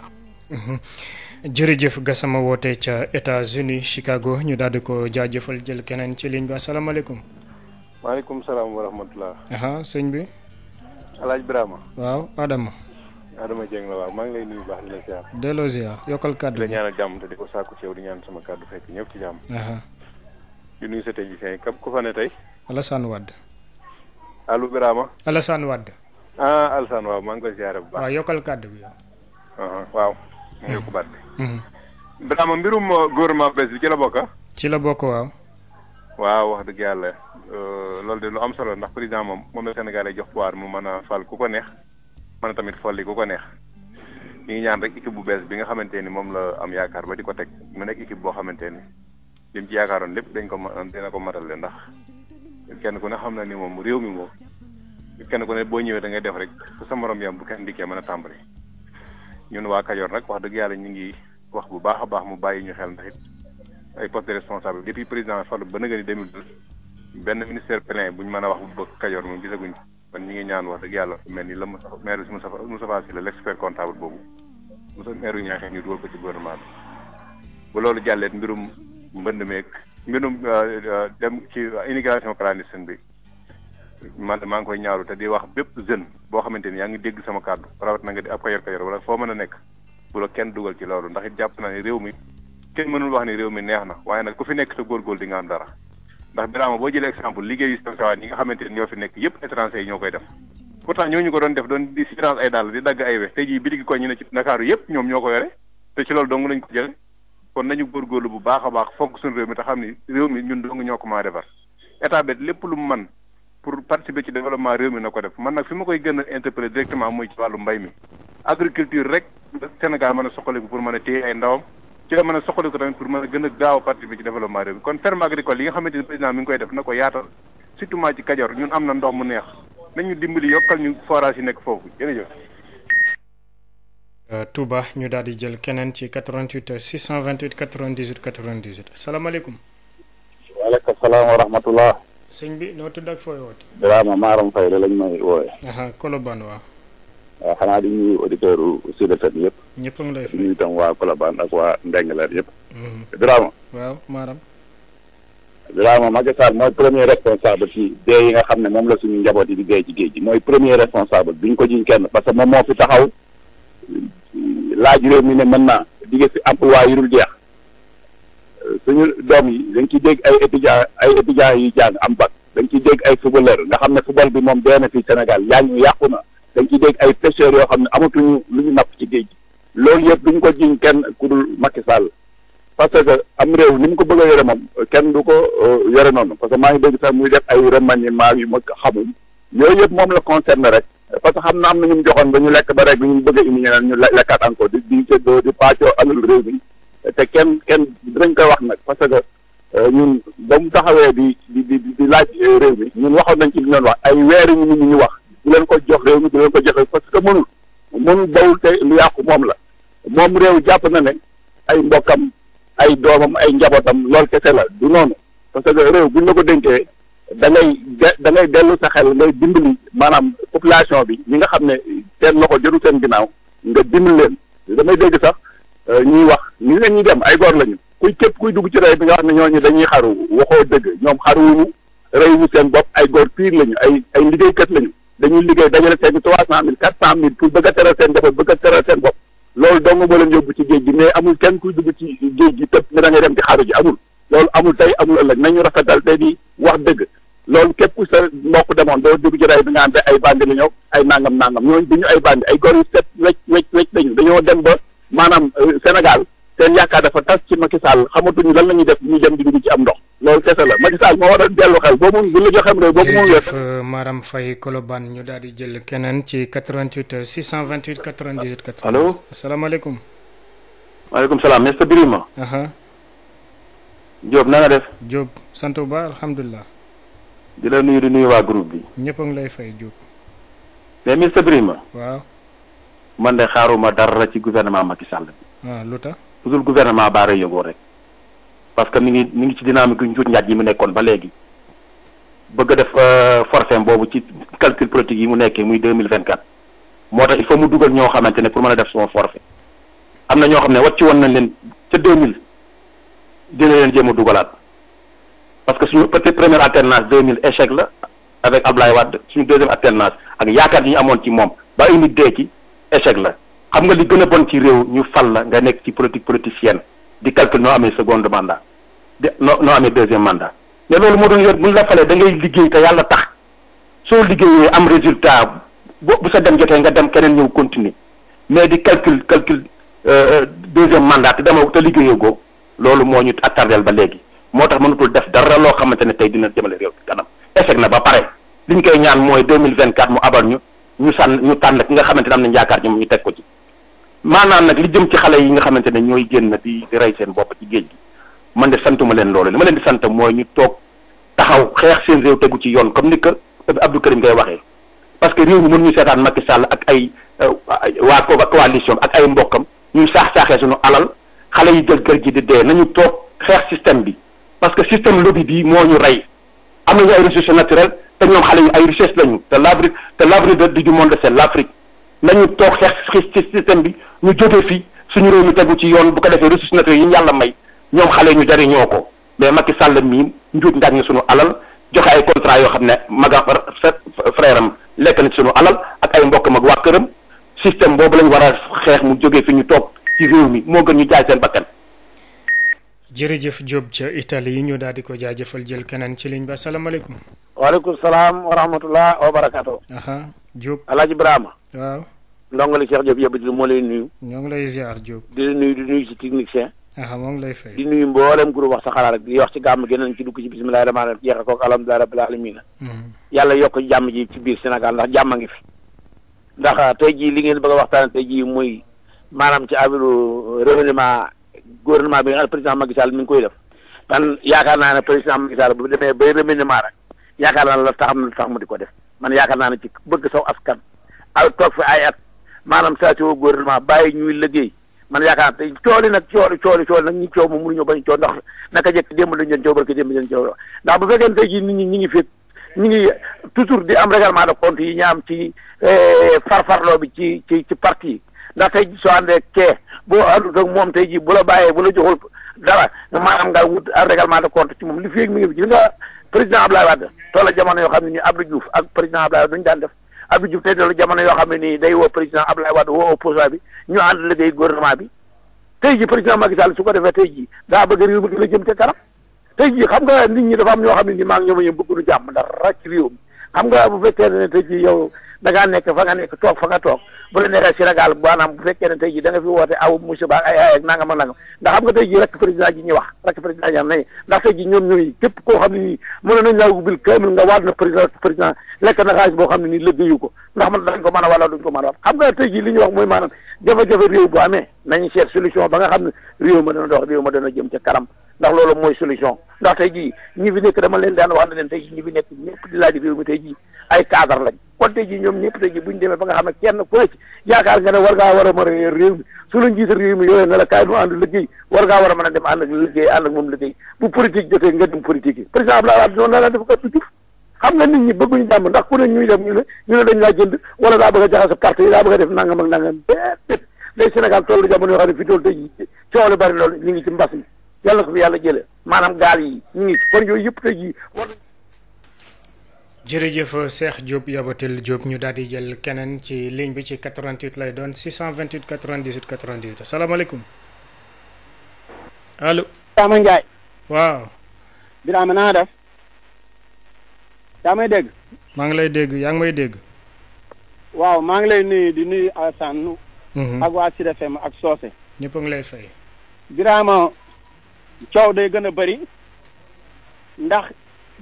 jërëjëf Gassama woote ca États-Unis Chicago ñu daal di ko jaajëfal jël keneen ci ligne bi asalaamaaleykum. maaleykum salaam wa rahmatulah. sëñ bi. El Hadj Birama. waaw Adama. Adama Dieng la waaw maa ngi lay nuyu baax di la ziar. delloo ziar yokkal kàddu. di ko sàkku ci yow di ñaan sama kàddu fekk ñëpp ci jàmm. di nuyu sa technicien kam ku fa ne tey. Alassane Wade. allo Birama. Alassane Wade. ah Alassane waaw maa ngi koy ziare bu baax. waaw yokkal kàddu bi. waaw. mu uh-huh, yokk baat bi. Mm-hmm. Birama mbirum uh, gouvernement bees bi ci la bokk ah? ci la bokk waaw. waaw wax dëgg yàlla uh, loolu de lu am solo ndax président moom moom la Sénégal jox pouvoir mu mën a fal ku ko neex mën a tamit folli ku ko neex ñu ngi ñaan rek équipe bu bees bi nga xamante moom la am yaakaar ba di ko teg mu nekk équipe boo xamante ni. li mu ci yaakaaroon lépp dañ ko dina ko ndax kenn ku ne xam na ni moom réew mi moom kenn ku ne boo ñëwee da ngay def rek su sa morom yam bu kenn dikkee mën a tàmbali ñun waa Kajoor nag wax dëgg yàlla ñu ngi wax bu baax a baax mu bàyyi ñu xel ndax it ay poste de responsable depuis président Fallou ba nëgëni 2012 benn ministère plein bu man a wax bu bëgg Kajoor moom gisaguñ kon ñu ngi ñaan wax dëgg yàlla mel ni la Moustapha maire bi Moustapha Sylla l' expert comptable boobu Moussa maire yu ñaaxee ñu dugal ko ci gouvernement bi bu loolu mbënn meeg mbirum euh, euh, dem ci immigration clandestine bi man maa ngi koy ñaaru te di wax bépp jeune boo xamante ni yaa ngi dégg sama kàddu rawat na nga di ab kayor kayor wala foo mën a nekk bu la kenn dugal ci loolu ndax it jàpp naa ne réew mi kenn mënul wax ni réew mi neex na waaye nag ku fi nekk te góorgóorlu di nga am dara ndax biraama boo jëlee exemple liggéeyu sawaan yi nga xamante ñoo fi nekk yëpp étranger yi ñoo koy def pourtant ñooñu ko doon def doon di di dagg ay wex tey jii yëpp ñoom ñoo ko yore te ci loolu dong lañ ko kon nañu góorgóorlu bu baax a baax fonk suñu réew mi te xam ni réew mi ñun dong ñoo ko maa defar état bi lépp lu mu man pour participer ci développement réew mi na ko def man nag fi ma koy gën a interpeller directement mooy ci wàllu mbay mi agriculture rek Sénégal mën a soqaliku pour mën a téye ay ndawam ci la mën a soqaliku tamit pour mën a gën a gaaw a participer ci développement réew mi kon ferme agricole yi nga xamante ni président mi ngi koy def na k yaatal surtout maa ci Kajoor am na ndox mu neex nañu dimbali yokkal ñu forage nekk foofu jërëjëf Euh, Touba ñu daal di jël keneen ci 88 628 98 98 asalaamaaleykum. waaleykum salaam wa rahmatullah. sëñ bi noo tudd ak fooy woote. Birama Maram Faye la lañ may wooye. Colobane waaw. waaw euh, xanaa di nuyu auditeurs yu Sud FM yëpp. ñëpp a ngi lay fay nuyu itam waa Colobane ak waa Ndengler yëpp. Mhm. Birama. waaw Maram. Birama Macky mooy premier responsable ci dee yi nga xam ne moom la suñu njaboot yi di dee ci géej mooy premier responsable ko jiñ kenn parce laaj réew mi ne mën naa dige fi emploi yu dul jeex suñu doom yi dañ ciy dégg ay étudiants ay étudiants yu jàng am bac dañ ci dégg ay footballeur nga xam ne football bi moom dee na fii Sénégal yaa ñu yàqu na dañ ciy dégg ay pêcheurs yoo xam ne amatuñu lu ñu napp ci géej gi loolu yëpp duñ ko jiñ kenn ku dul Macky Sall parce que am réew ni mu ko bëgg a yore moom kenn du ko euh, yore noonu parce que maa ngi dégg sax muy def ay remaniement yu mag xamul yooyu yëpp moom la concerné rek parce que xam na am na ñu mu joxoon ba ñu lekk ba rek ñu bëgg a indi ñeneen ñu lekkaat encore di di di pàccoo alul réew mi te kenn kenn dinañ koy wax nag parce que euh, ñun ba mu taxawee di di di di laaj euh, réew mi ñun waxoon nañ ci li doon wax ay weeri ñu nit ñu wax du leen ko jox réew mi du leen ko jox parce que mënul mënul bawul te lu yàqu moom la moom réew jàpp na ne ay mbokkam ay doomam ay njabootam loolu kese la du noonu parce que réew buñ la ko dénkee da ngay da ngay dellu sa xel ngay dimbali maanaam population bi ñi nga xam ne seen loxo jëru seen ginnaaw nga dimbali leen damay dégg sax euh, ñuy wax ni leen ñuy dem ay góor lañu kuy képp kuy dugg ci rey bi nga xam ne ñooñu dañuy xaru waxoo dëgg ñoom xaruwuñu reyuñu seen bopp ay góor piir lañu ay ay liggéeykat lañu dañuy liggéey dajale seen i trois cent mille quatre cent mille pour bëgg a teral seen bopp bëgg a teral seen bopp loolu dong moo leen yóbbu ci géej gi mais amul kenn kuy dugg ci géej gi tëpp ne da dem di xaru ji amul loolu amul tey amul ëllëg nañu rafetal te di wax dëgg loolu képp ku sa mbokk demoon doo dugg ci ray bi nga xam ne ay bandi la ay nangam nangam ñooñu du ñu ay bandi ay gor yu set wecc wecc wecc dañoo dem ba maanaam euh, Sénégal seen yaakaar dafa tas ci Macky Sall xamatuñu lan la ñuy def ñu dem di dugg ci am ndox loolu kese la Macky Sall moo war a dellu xel boo mun bu la joxeem réew boo mun euh, Maram Faye Colobane ñu daal di jël keneen ci 88 628 98 98 allo asalaamaaleykum maaleykum salaam monsieur Birima Diop na nga def. Diop sant ba baax alhamdulilah. di la nuyu di nuyu waa group bi. ñëpp ngi lay fay Diop. mais Mr Birima. waaw. man de xaaruma dara ci gouvernement Macky Sall bi. waaw ah, lu tax. toujours gouvernement Baara yëngoo rek. parce que mi ngi mi ngi ci dina dynamique yu njuut njaaj yi mu nekkoon ba léegi. bëgg a def euh, forfait boobu ci calcul politique yi mu nekkee muy deux mille vingt quatre moo tax il faut mu dugal ñoo xamante ne pour mën a def son forfait am na ñoo xam ne wàcc woon nañ leen ca mille dina leen jéem dugalaat parce que suñu peut-être première alternance mille échec la avec Ablaye Wade suñu deuxième alternance ak yaakaar yi ñu amoon ci moom ba indi dee ci échec la xam nga li gën a bon ci réew ñu fal la nga nekk ci politique politicienne di calcul noo amee seconde mandat de noo noo amee deuxième mandat mais loolu moo doon yoon bu ñu la falee dangay liggéey te yàlla tax soo liggéeyee am résultat bo bu sa dem jotee nga dem keneen ñëw continuer mais di calcul calcul euh, euh, deuxième mandat te dama te liggéeyoo ko loolu moo ñu attardel ba léegi moo tax mënatul def dara loo xamante ne tey dina jëmale réew kanam échec na ba pare li ñu koy ñaan mooy deux 2024 mu abal ñu ñu sànn ñu tànn ki nga xamante ne am nañ yaakaar ñoom ñu teg ko ci maanaam nag li jëm ci xale yi nga xamante ne ñooy génn di di rey seen bopp ci géej gi man de santuma leen loolu li ma leen di santa mooy ñu toog taxaw xeex seen réew tegu ci yoon comme ni que Abdou Karim ngay waxee parce que réew mi mënuñu seetaan Macky Sall ak ay euh, waa coalition ak ay mbokkam ñuy saax-saaxee suñu alal xale yi jël kër gi di dee nañu toog xeex système bi parce que système lobby bi moo ñu rey am nañu ay ressources naturelles te ñoom xale yi ay richesse lañu te l'abri te l'abri de du monde c'est l'Afrique nañu toog xeex ci système bi ñu jógee fii suñu réew mi tegu ci yoon bu ko defee ressources naturelles yi ñu yàlla may ñoom xale ñu jariñoo ko mais Macky Sall mii njuut ndaaj na suñu alal joxe ay contrat yoo xam ne maga frère am lekk na ci suñu alal ak ay mbokkam ak waa këram système boobu lañ war a xeex mu jógee fi ñu toog ci réew mi moo gën ñu jaay seen bakkan. jërëjëf Diop ca Italie yi ñu daal di ko jaajëfal jël keneen ci ligne bi asalaamaaleykum. waaleykum salaam wa rahmatulah wa barakaatu. Diop El Hadj Ibrahima. waaw. ndongole Cheikh Diop yëpp moo lay nuyu. ñoo ngi lay ziar Diop. di nuyu di nuyu ci technicien. moo ngi lay fay. di nuyu mboolem groupe wax sa xalaat rek di wax ci gàmm gi nañ ci dugg ci bisimilah rahmaani rahiim jeexal koog alhamdulilah rabbil alamin. Mhm. yàlla yokk jàmm ji ci biir Sénégal jàmm ngi fi. ndax tey maanaam ci avilu remaniement gouvernement bi nga xam ne président Macky Sall mi ngi koy def man yaakaar naa ne président Macky Sall bu demee bay remaniement rek yaakaar naa ne la tax mu di ko def man yaakaar naa ne ci bëgg saw askan ay toog fi ay at maanaam saa si gouvernement bàyyi ñuy liggéey man yaakaar naa te cooli nag cooli cooli cooli nag ñi coow moom mënuñoo bañ coow ndax naka jëkk démb lañu doon coow barke démb lañu coow ndax bu fekkee tey jii nit ñi ñi ngi fépp ñu ngi toujours di am règlement de compte yi ñu am ci eh, farfarloo bi ci ci ci parti ndax tey ji soo àndee kee boo àndut ak moom tey ji bu la bàyyee bu la joxul dara maanaam nga wut ab règlement de compte ci moom li fi mi ngi gis nga président Abdoulaye Wade toll jamono yoo xam ne nii Abdou Diouf ak président Abdoulaye Wade daan def Abdou jamono yoo xam ne nii day woo président Abdoulaye Wade woo opposant bi ñu ànd liggéey gouvernement bi tey ji président Macky su ko defee tey ji daa bëgg réew mi gën a jëm ca kanam tey xam nga nit ñi dafa am ñoo xam ne nii maa ngi ñoom ñoom bëgguñu jàmm dara ci réew mi xam nga bu fekkee ne yow da ngaa nekk fa nga nekk toog fa nga toog bu la neexee Sénégal maanaam bu fekkee ne tey ji da nga fi woote aw musiba ay ay ak nangam ak nangam ndax xam nga tey jii rek président ji ñu wax rek président ji képp koo xam ne nii mën nañ laa ubbil nga waat na président boo xam ne nii liggéeyu ko ndax ma dañ ko a wala duñ a wax xam nga li ñu wax mooy maanaam jafe-jafe réew bu ba nga xam ne réew ma dana dox kanam ndax loolu mooy solution ndax tey jii ñi fi nekk dama leen daan wax na leen tey jii ñi fi nekk ñëpp di laaj réew mi tey jii ay cadre lañ kon tey jii ñoom ñëpp tey bu ñu demee ba xam ne kenn ku nekk yaakaar nga ne war ngaa war a mën a mi su la njiital mi yooyu ne la kaay nu ànd liggéey war ngaa war a mën a dem bu politique jotee nga dem politique yi par exemple laa noonu la def ko Diouf nga nit ñi bëgguñu jàmm ndax ku ne ñuy dem ne ñu ne dañ laa jënd wala daa bëgg a jaxase parti yi daa bëgg a def nangam ak nangam déedéet day Sénégal tollu jamono yoo ne fi toll tey ñu ngi ci ñu ngi jërëjëf Cheikh Diop Yabatel Diop ñu daal di jël keneen ci ligne bi ci 88 lay doon 628 98 98 asalaamaaleykum allo. Birama Ndiaye. waaw. Birama naa def. yaa may dégg. maa ngi lay dégg yaa ngi may dégg. waaw maa ngi lay nuyu di nuyu Alassane. Mhm. ak waa Sud FM ak Socé. ñëpp ngi lay fay. Birama coow day gën a bëri ndax.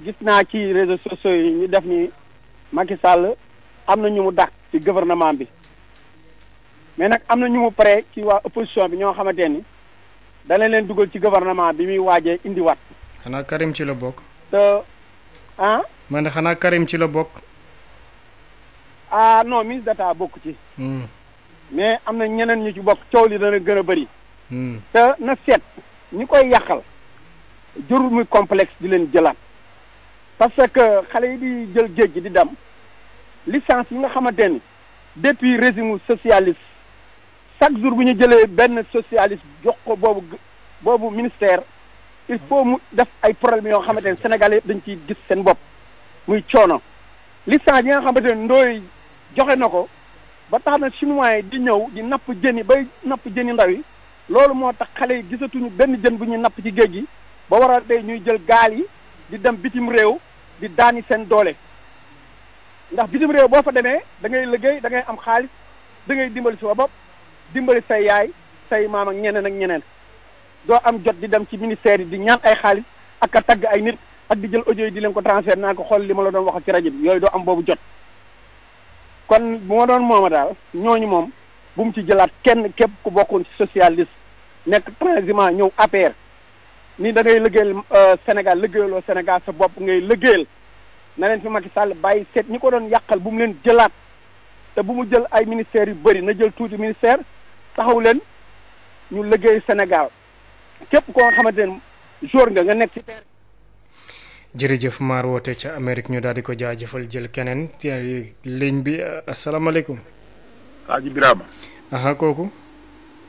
gis naa ci réseaux sociaux yi ñu def ni Macky Sall am na ñu mu dàq ci gouvernement bi mais nag am na ñu mu pare ci waa opposition bi ñoo xamante ni dana leen dugal ci gouvernement bi muy waajee indiwaat. xanaa Karim ci la bokk. te ah. man de xanaa Karim ci la bokk. ah non ministre d'État bokk ci. Hmm. mais am na ñeneen ñu ci bokk coow li dana gën a bëri. Hmm. te na seet ñi koy yàqal jurul muy complexe di leen jëlaat. parce que xale yi di jël géej gi di dem licence yi nga xamante ni depuis régime socialiste chaque jour bu ñu jëlee benn socialiste jox ko boobu boobu ministère il faut mu def ay problèmes yoo xamante ne Sénégalais yëpp dañ ciy gis seen bopp muy coono licence yi nga xamante ne ndooy joxe na ko ba tax na chinois yi di ñëw di napp jën yi bay napp jën yi ndaw yi loolu moo tax xale yi gisatuñu benn jën bu ñu napp ci géej gi ba waral tey ñuy jël gaal yi di dem bitim réew di daani seen doole ndax bitim réew boo fa demee da ngay liggéey da ngay am xaalis da ngay dimbali sa bopp dimbali say yaay say maam ak ñeneen ak ñeneen doo am jot di dem ci ministère yi di ñaan ay xaalis ak a tagg ay nit ak di jël audio yi di leen ko transfert naa ko xool li ma la doon wax ci rajo bi yooyu doo am boobu jot kon bu ma doon mooma daal ñooñu moom bu mu ci jëlaat kenn képp ku bokkoon ci socialiste nekk transhumant ñëw APR ni dangay ngay liggéeyal euh, Sénégal liggéeyaloo Sénégal sa bopp ngay liggéeyal na leen fi Macky Sall bàyyi seet ñi ko doon yàqal bu mu leen jëlaat te bu mu jël ay ministère yu bari na jël tuuti ministère taxaw leen ñu liggéey Sénégal képp koo xamante ne jour nga nga nekk ci jërëjëf maar woote ca Amérique ñu daal di ko jëfal jël keneen ligne bi asalaamaaleykum. Aji Birama. aha kooku.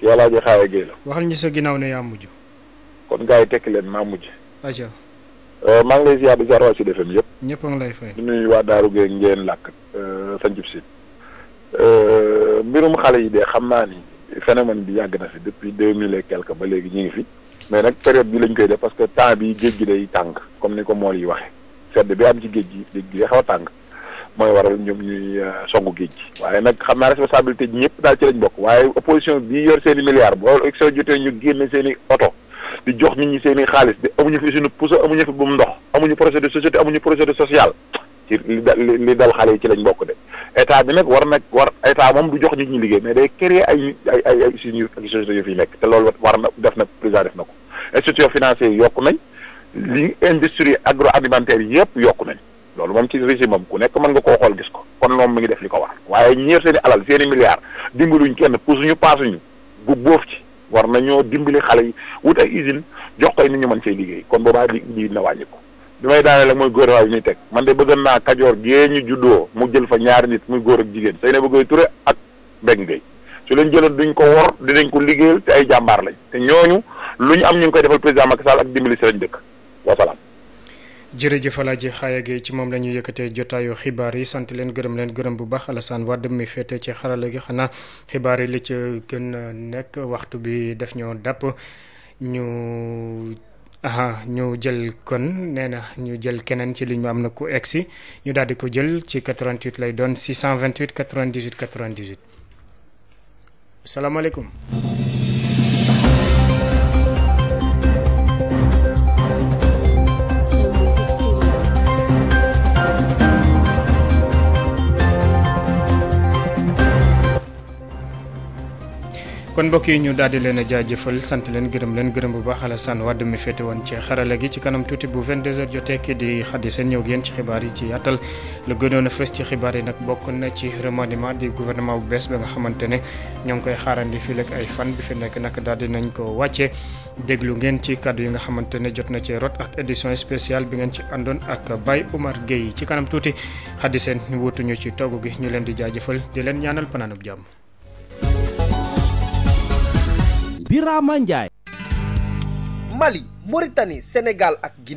yàlla ñu xaawee géej la. waxal ñu ginnaaw ne yaa mujj. kon gars yi tekki leen maa mujj. aja euh, maa ngi lay ziar di ziar waa yëpp. ñëpp a ngi lay fay. di nuyu waa daaru Gueye ngeen làkk sa jub si mbirum xale yi de xam naa ni phénomène bi yàgg na fi depuis deux mille et quelque ba léegi ñu ngi fi mais nag période bi lañ koy def parce que temps bi géej gi day tàng comme ni ko mool yi waxee sedd bi am ci géej gi géej gi day xaw a tàng mooy waral ñoom ñuy euh, songu géej gi. waaye nag xam naa responsabilité ñëpp daal ci lañ bokk waaye opposition bi yor seen i milliards boo élection jotee ñu génne seen oto. di jox nit ñi seen i xaalis di amuñu fi suñu pousse amuñu fi bu mu ndox amuñu projet de société amuñu projet de social ci li dal li dal xale yi ci lañ bokk de état bi nag war nag war état moom du jox nit ñi liggéey mais day créer ay ay ay ay suñu fi nekk te loolu war na def na président na ko institution financier yi nañ li industrie agroalimentaire yëpp yokku nañ loolu moom ci régime ku nekk mën nga koo xool gis ko kon moom mi ngi def li ko war waaye ñeer i alal war nañoo dimbali xale yi wut ay usine jox koy nit ñu mën cee liggéey kon boobaa li lii na wàññiku bi may daaneel ak mooy góor waaye ñuy teg man de bëgg naa kajoor gee ñu juddoo mu jël fa ñaari nit muy góor ak jigéen say ne bëggay ture ak bég gay su leen jëloon duñ ko wor dinañ ko liggéeyal te ay jàmbaar lañ te ñooñu lu ñu am ñu ngi koy defal président Macky Sall ak dimbali si lañ dëkk wasalaam jërëjëf Alaaji Xaaya Gey ci moom la ñu yëkkatee jotaayu xibaar yi sant leen gërëm leen gërëm bu baax Alassane Wade mi féete ci xarala gi xanaa xibaar yi li ci gën a nekk waxtu bi def ñoo dàpp ñu aha ñu jël kon nee na ñu jël keneen ci liñ mu am na ku egg si ñu daal di ko jël ci 88 lay doon 628 98 98 salaamaaleykum. kon mbokk yi ñu daal di leen a jaajëfal sant leen gërëm leen gërëm bu baax Alassane Wade mi féete woon ci xarala gi ci kanam tuuti bu 22h jotee kii di xaddi seen ñëw yéen ci xibaar yi ci yàttal lu gënoon a fës ci xibaar yi nag bokk na ci remaniement di gouvernement bu bees ba nga xamante ne ñoo ngi koy xaarandi fii ak ay fan bi fi nekk nag daal di nañ ko wàccee déglu ngeen ci kaddu yi nga xamante ne jot na ci rot ak édition spéciale bi ngeen ci àndoon ak Baye Oumar Gueye ci kanam tuuti xaddi seen wuutuñu ci togg gi ñu leen di jaajëfal di leen ñaanal panaanub jàmm Birama Ndiaye Mali Mauritanie Sénégal ak Guinée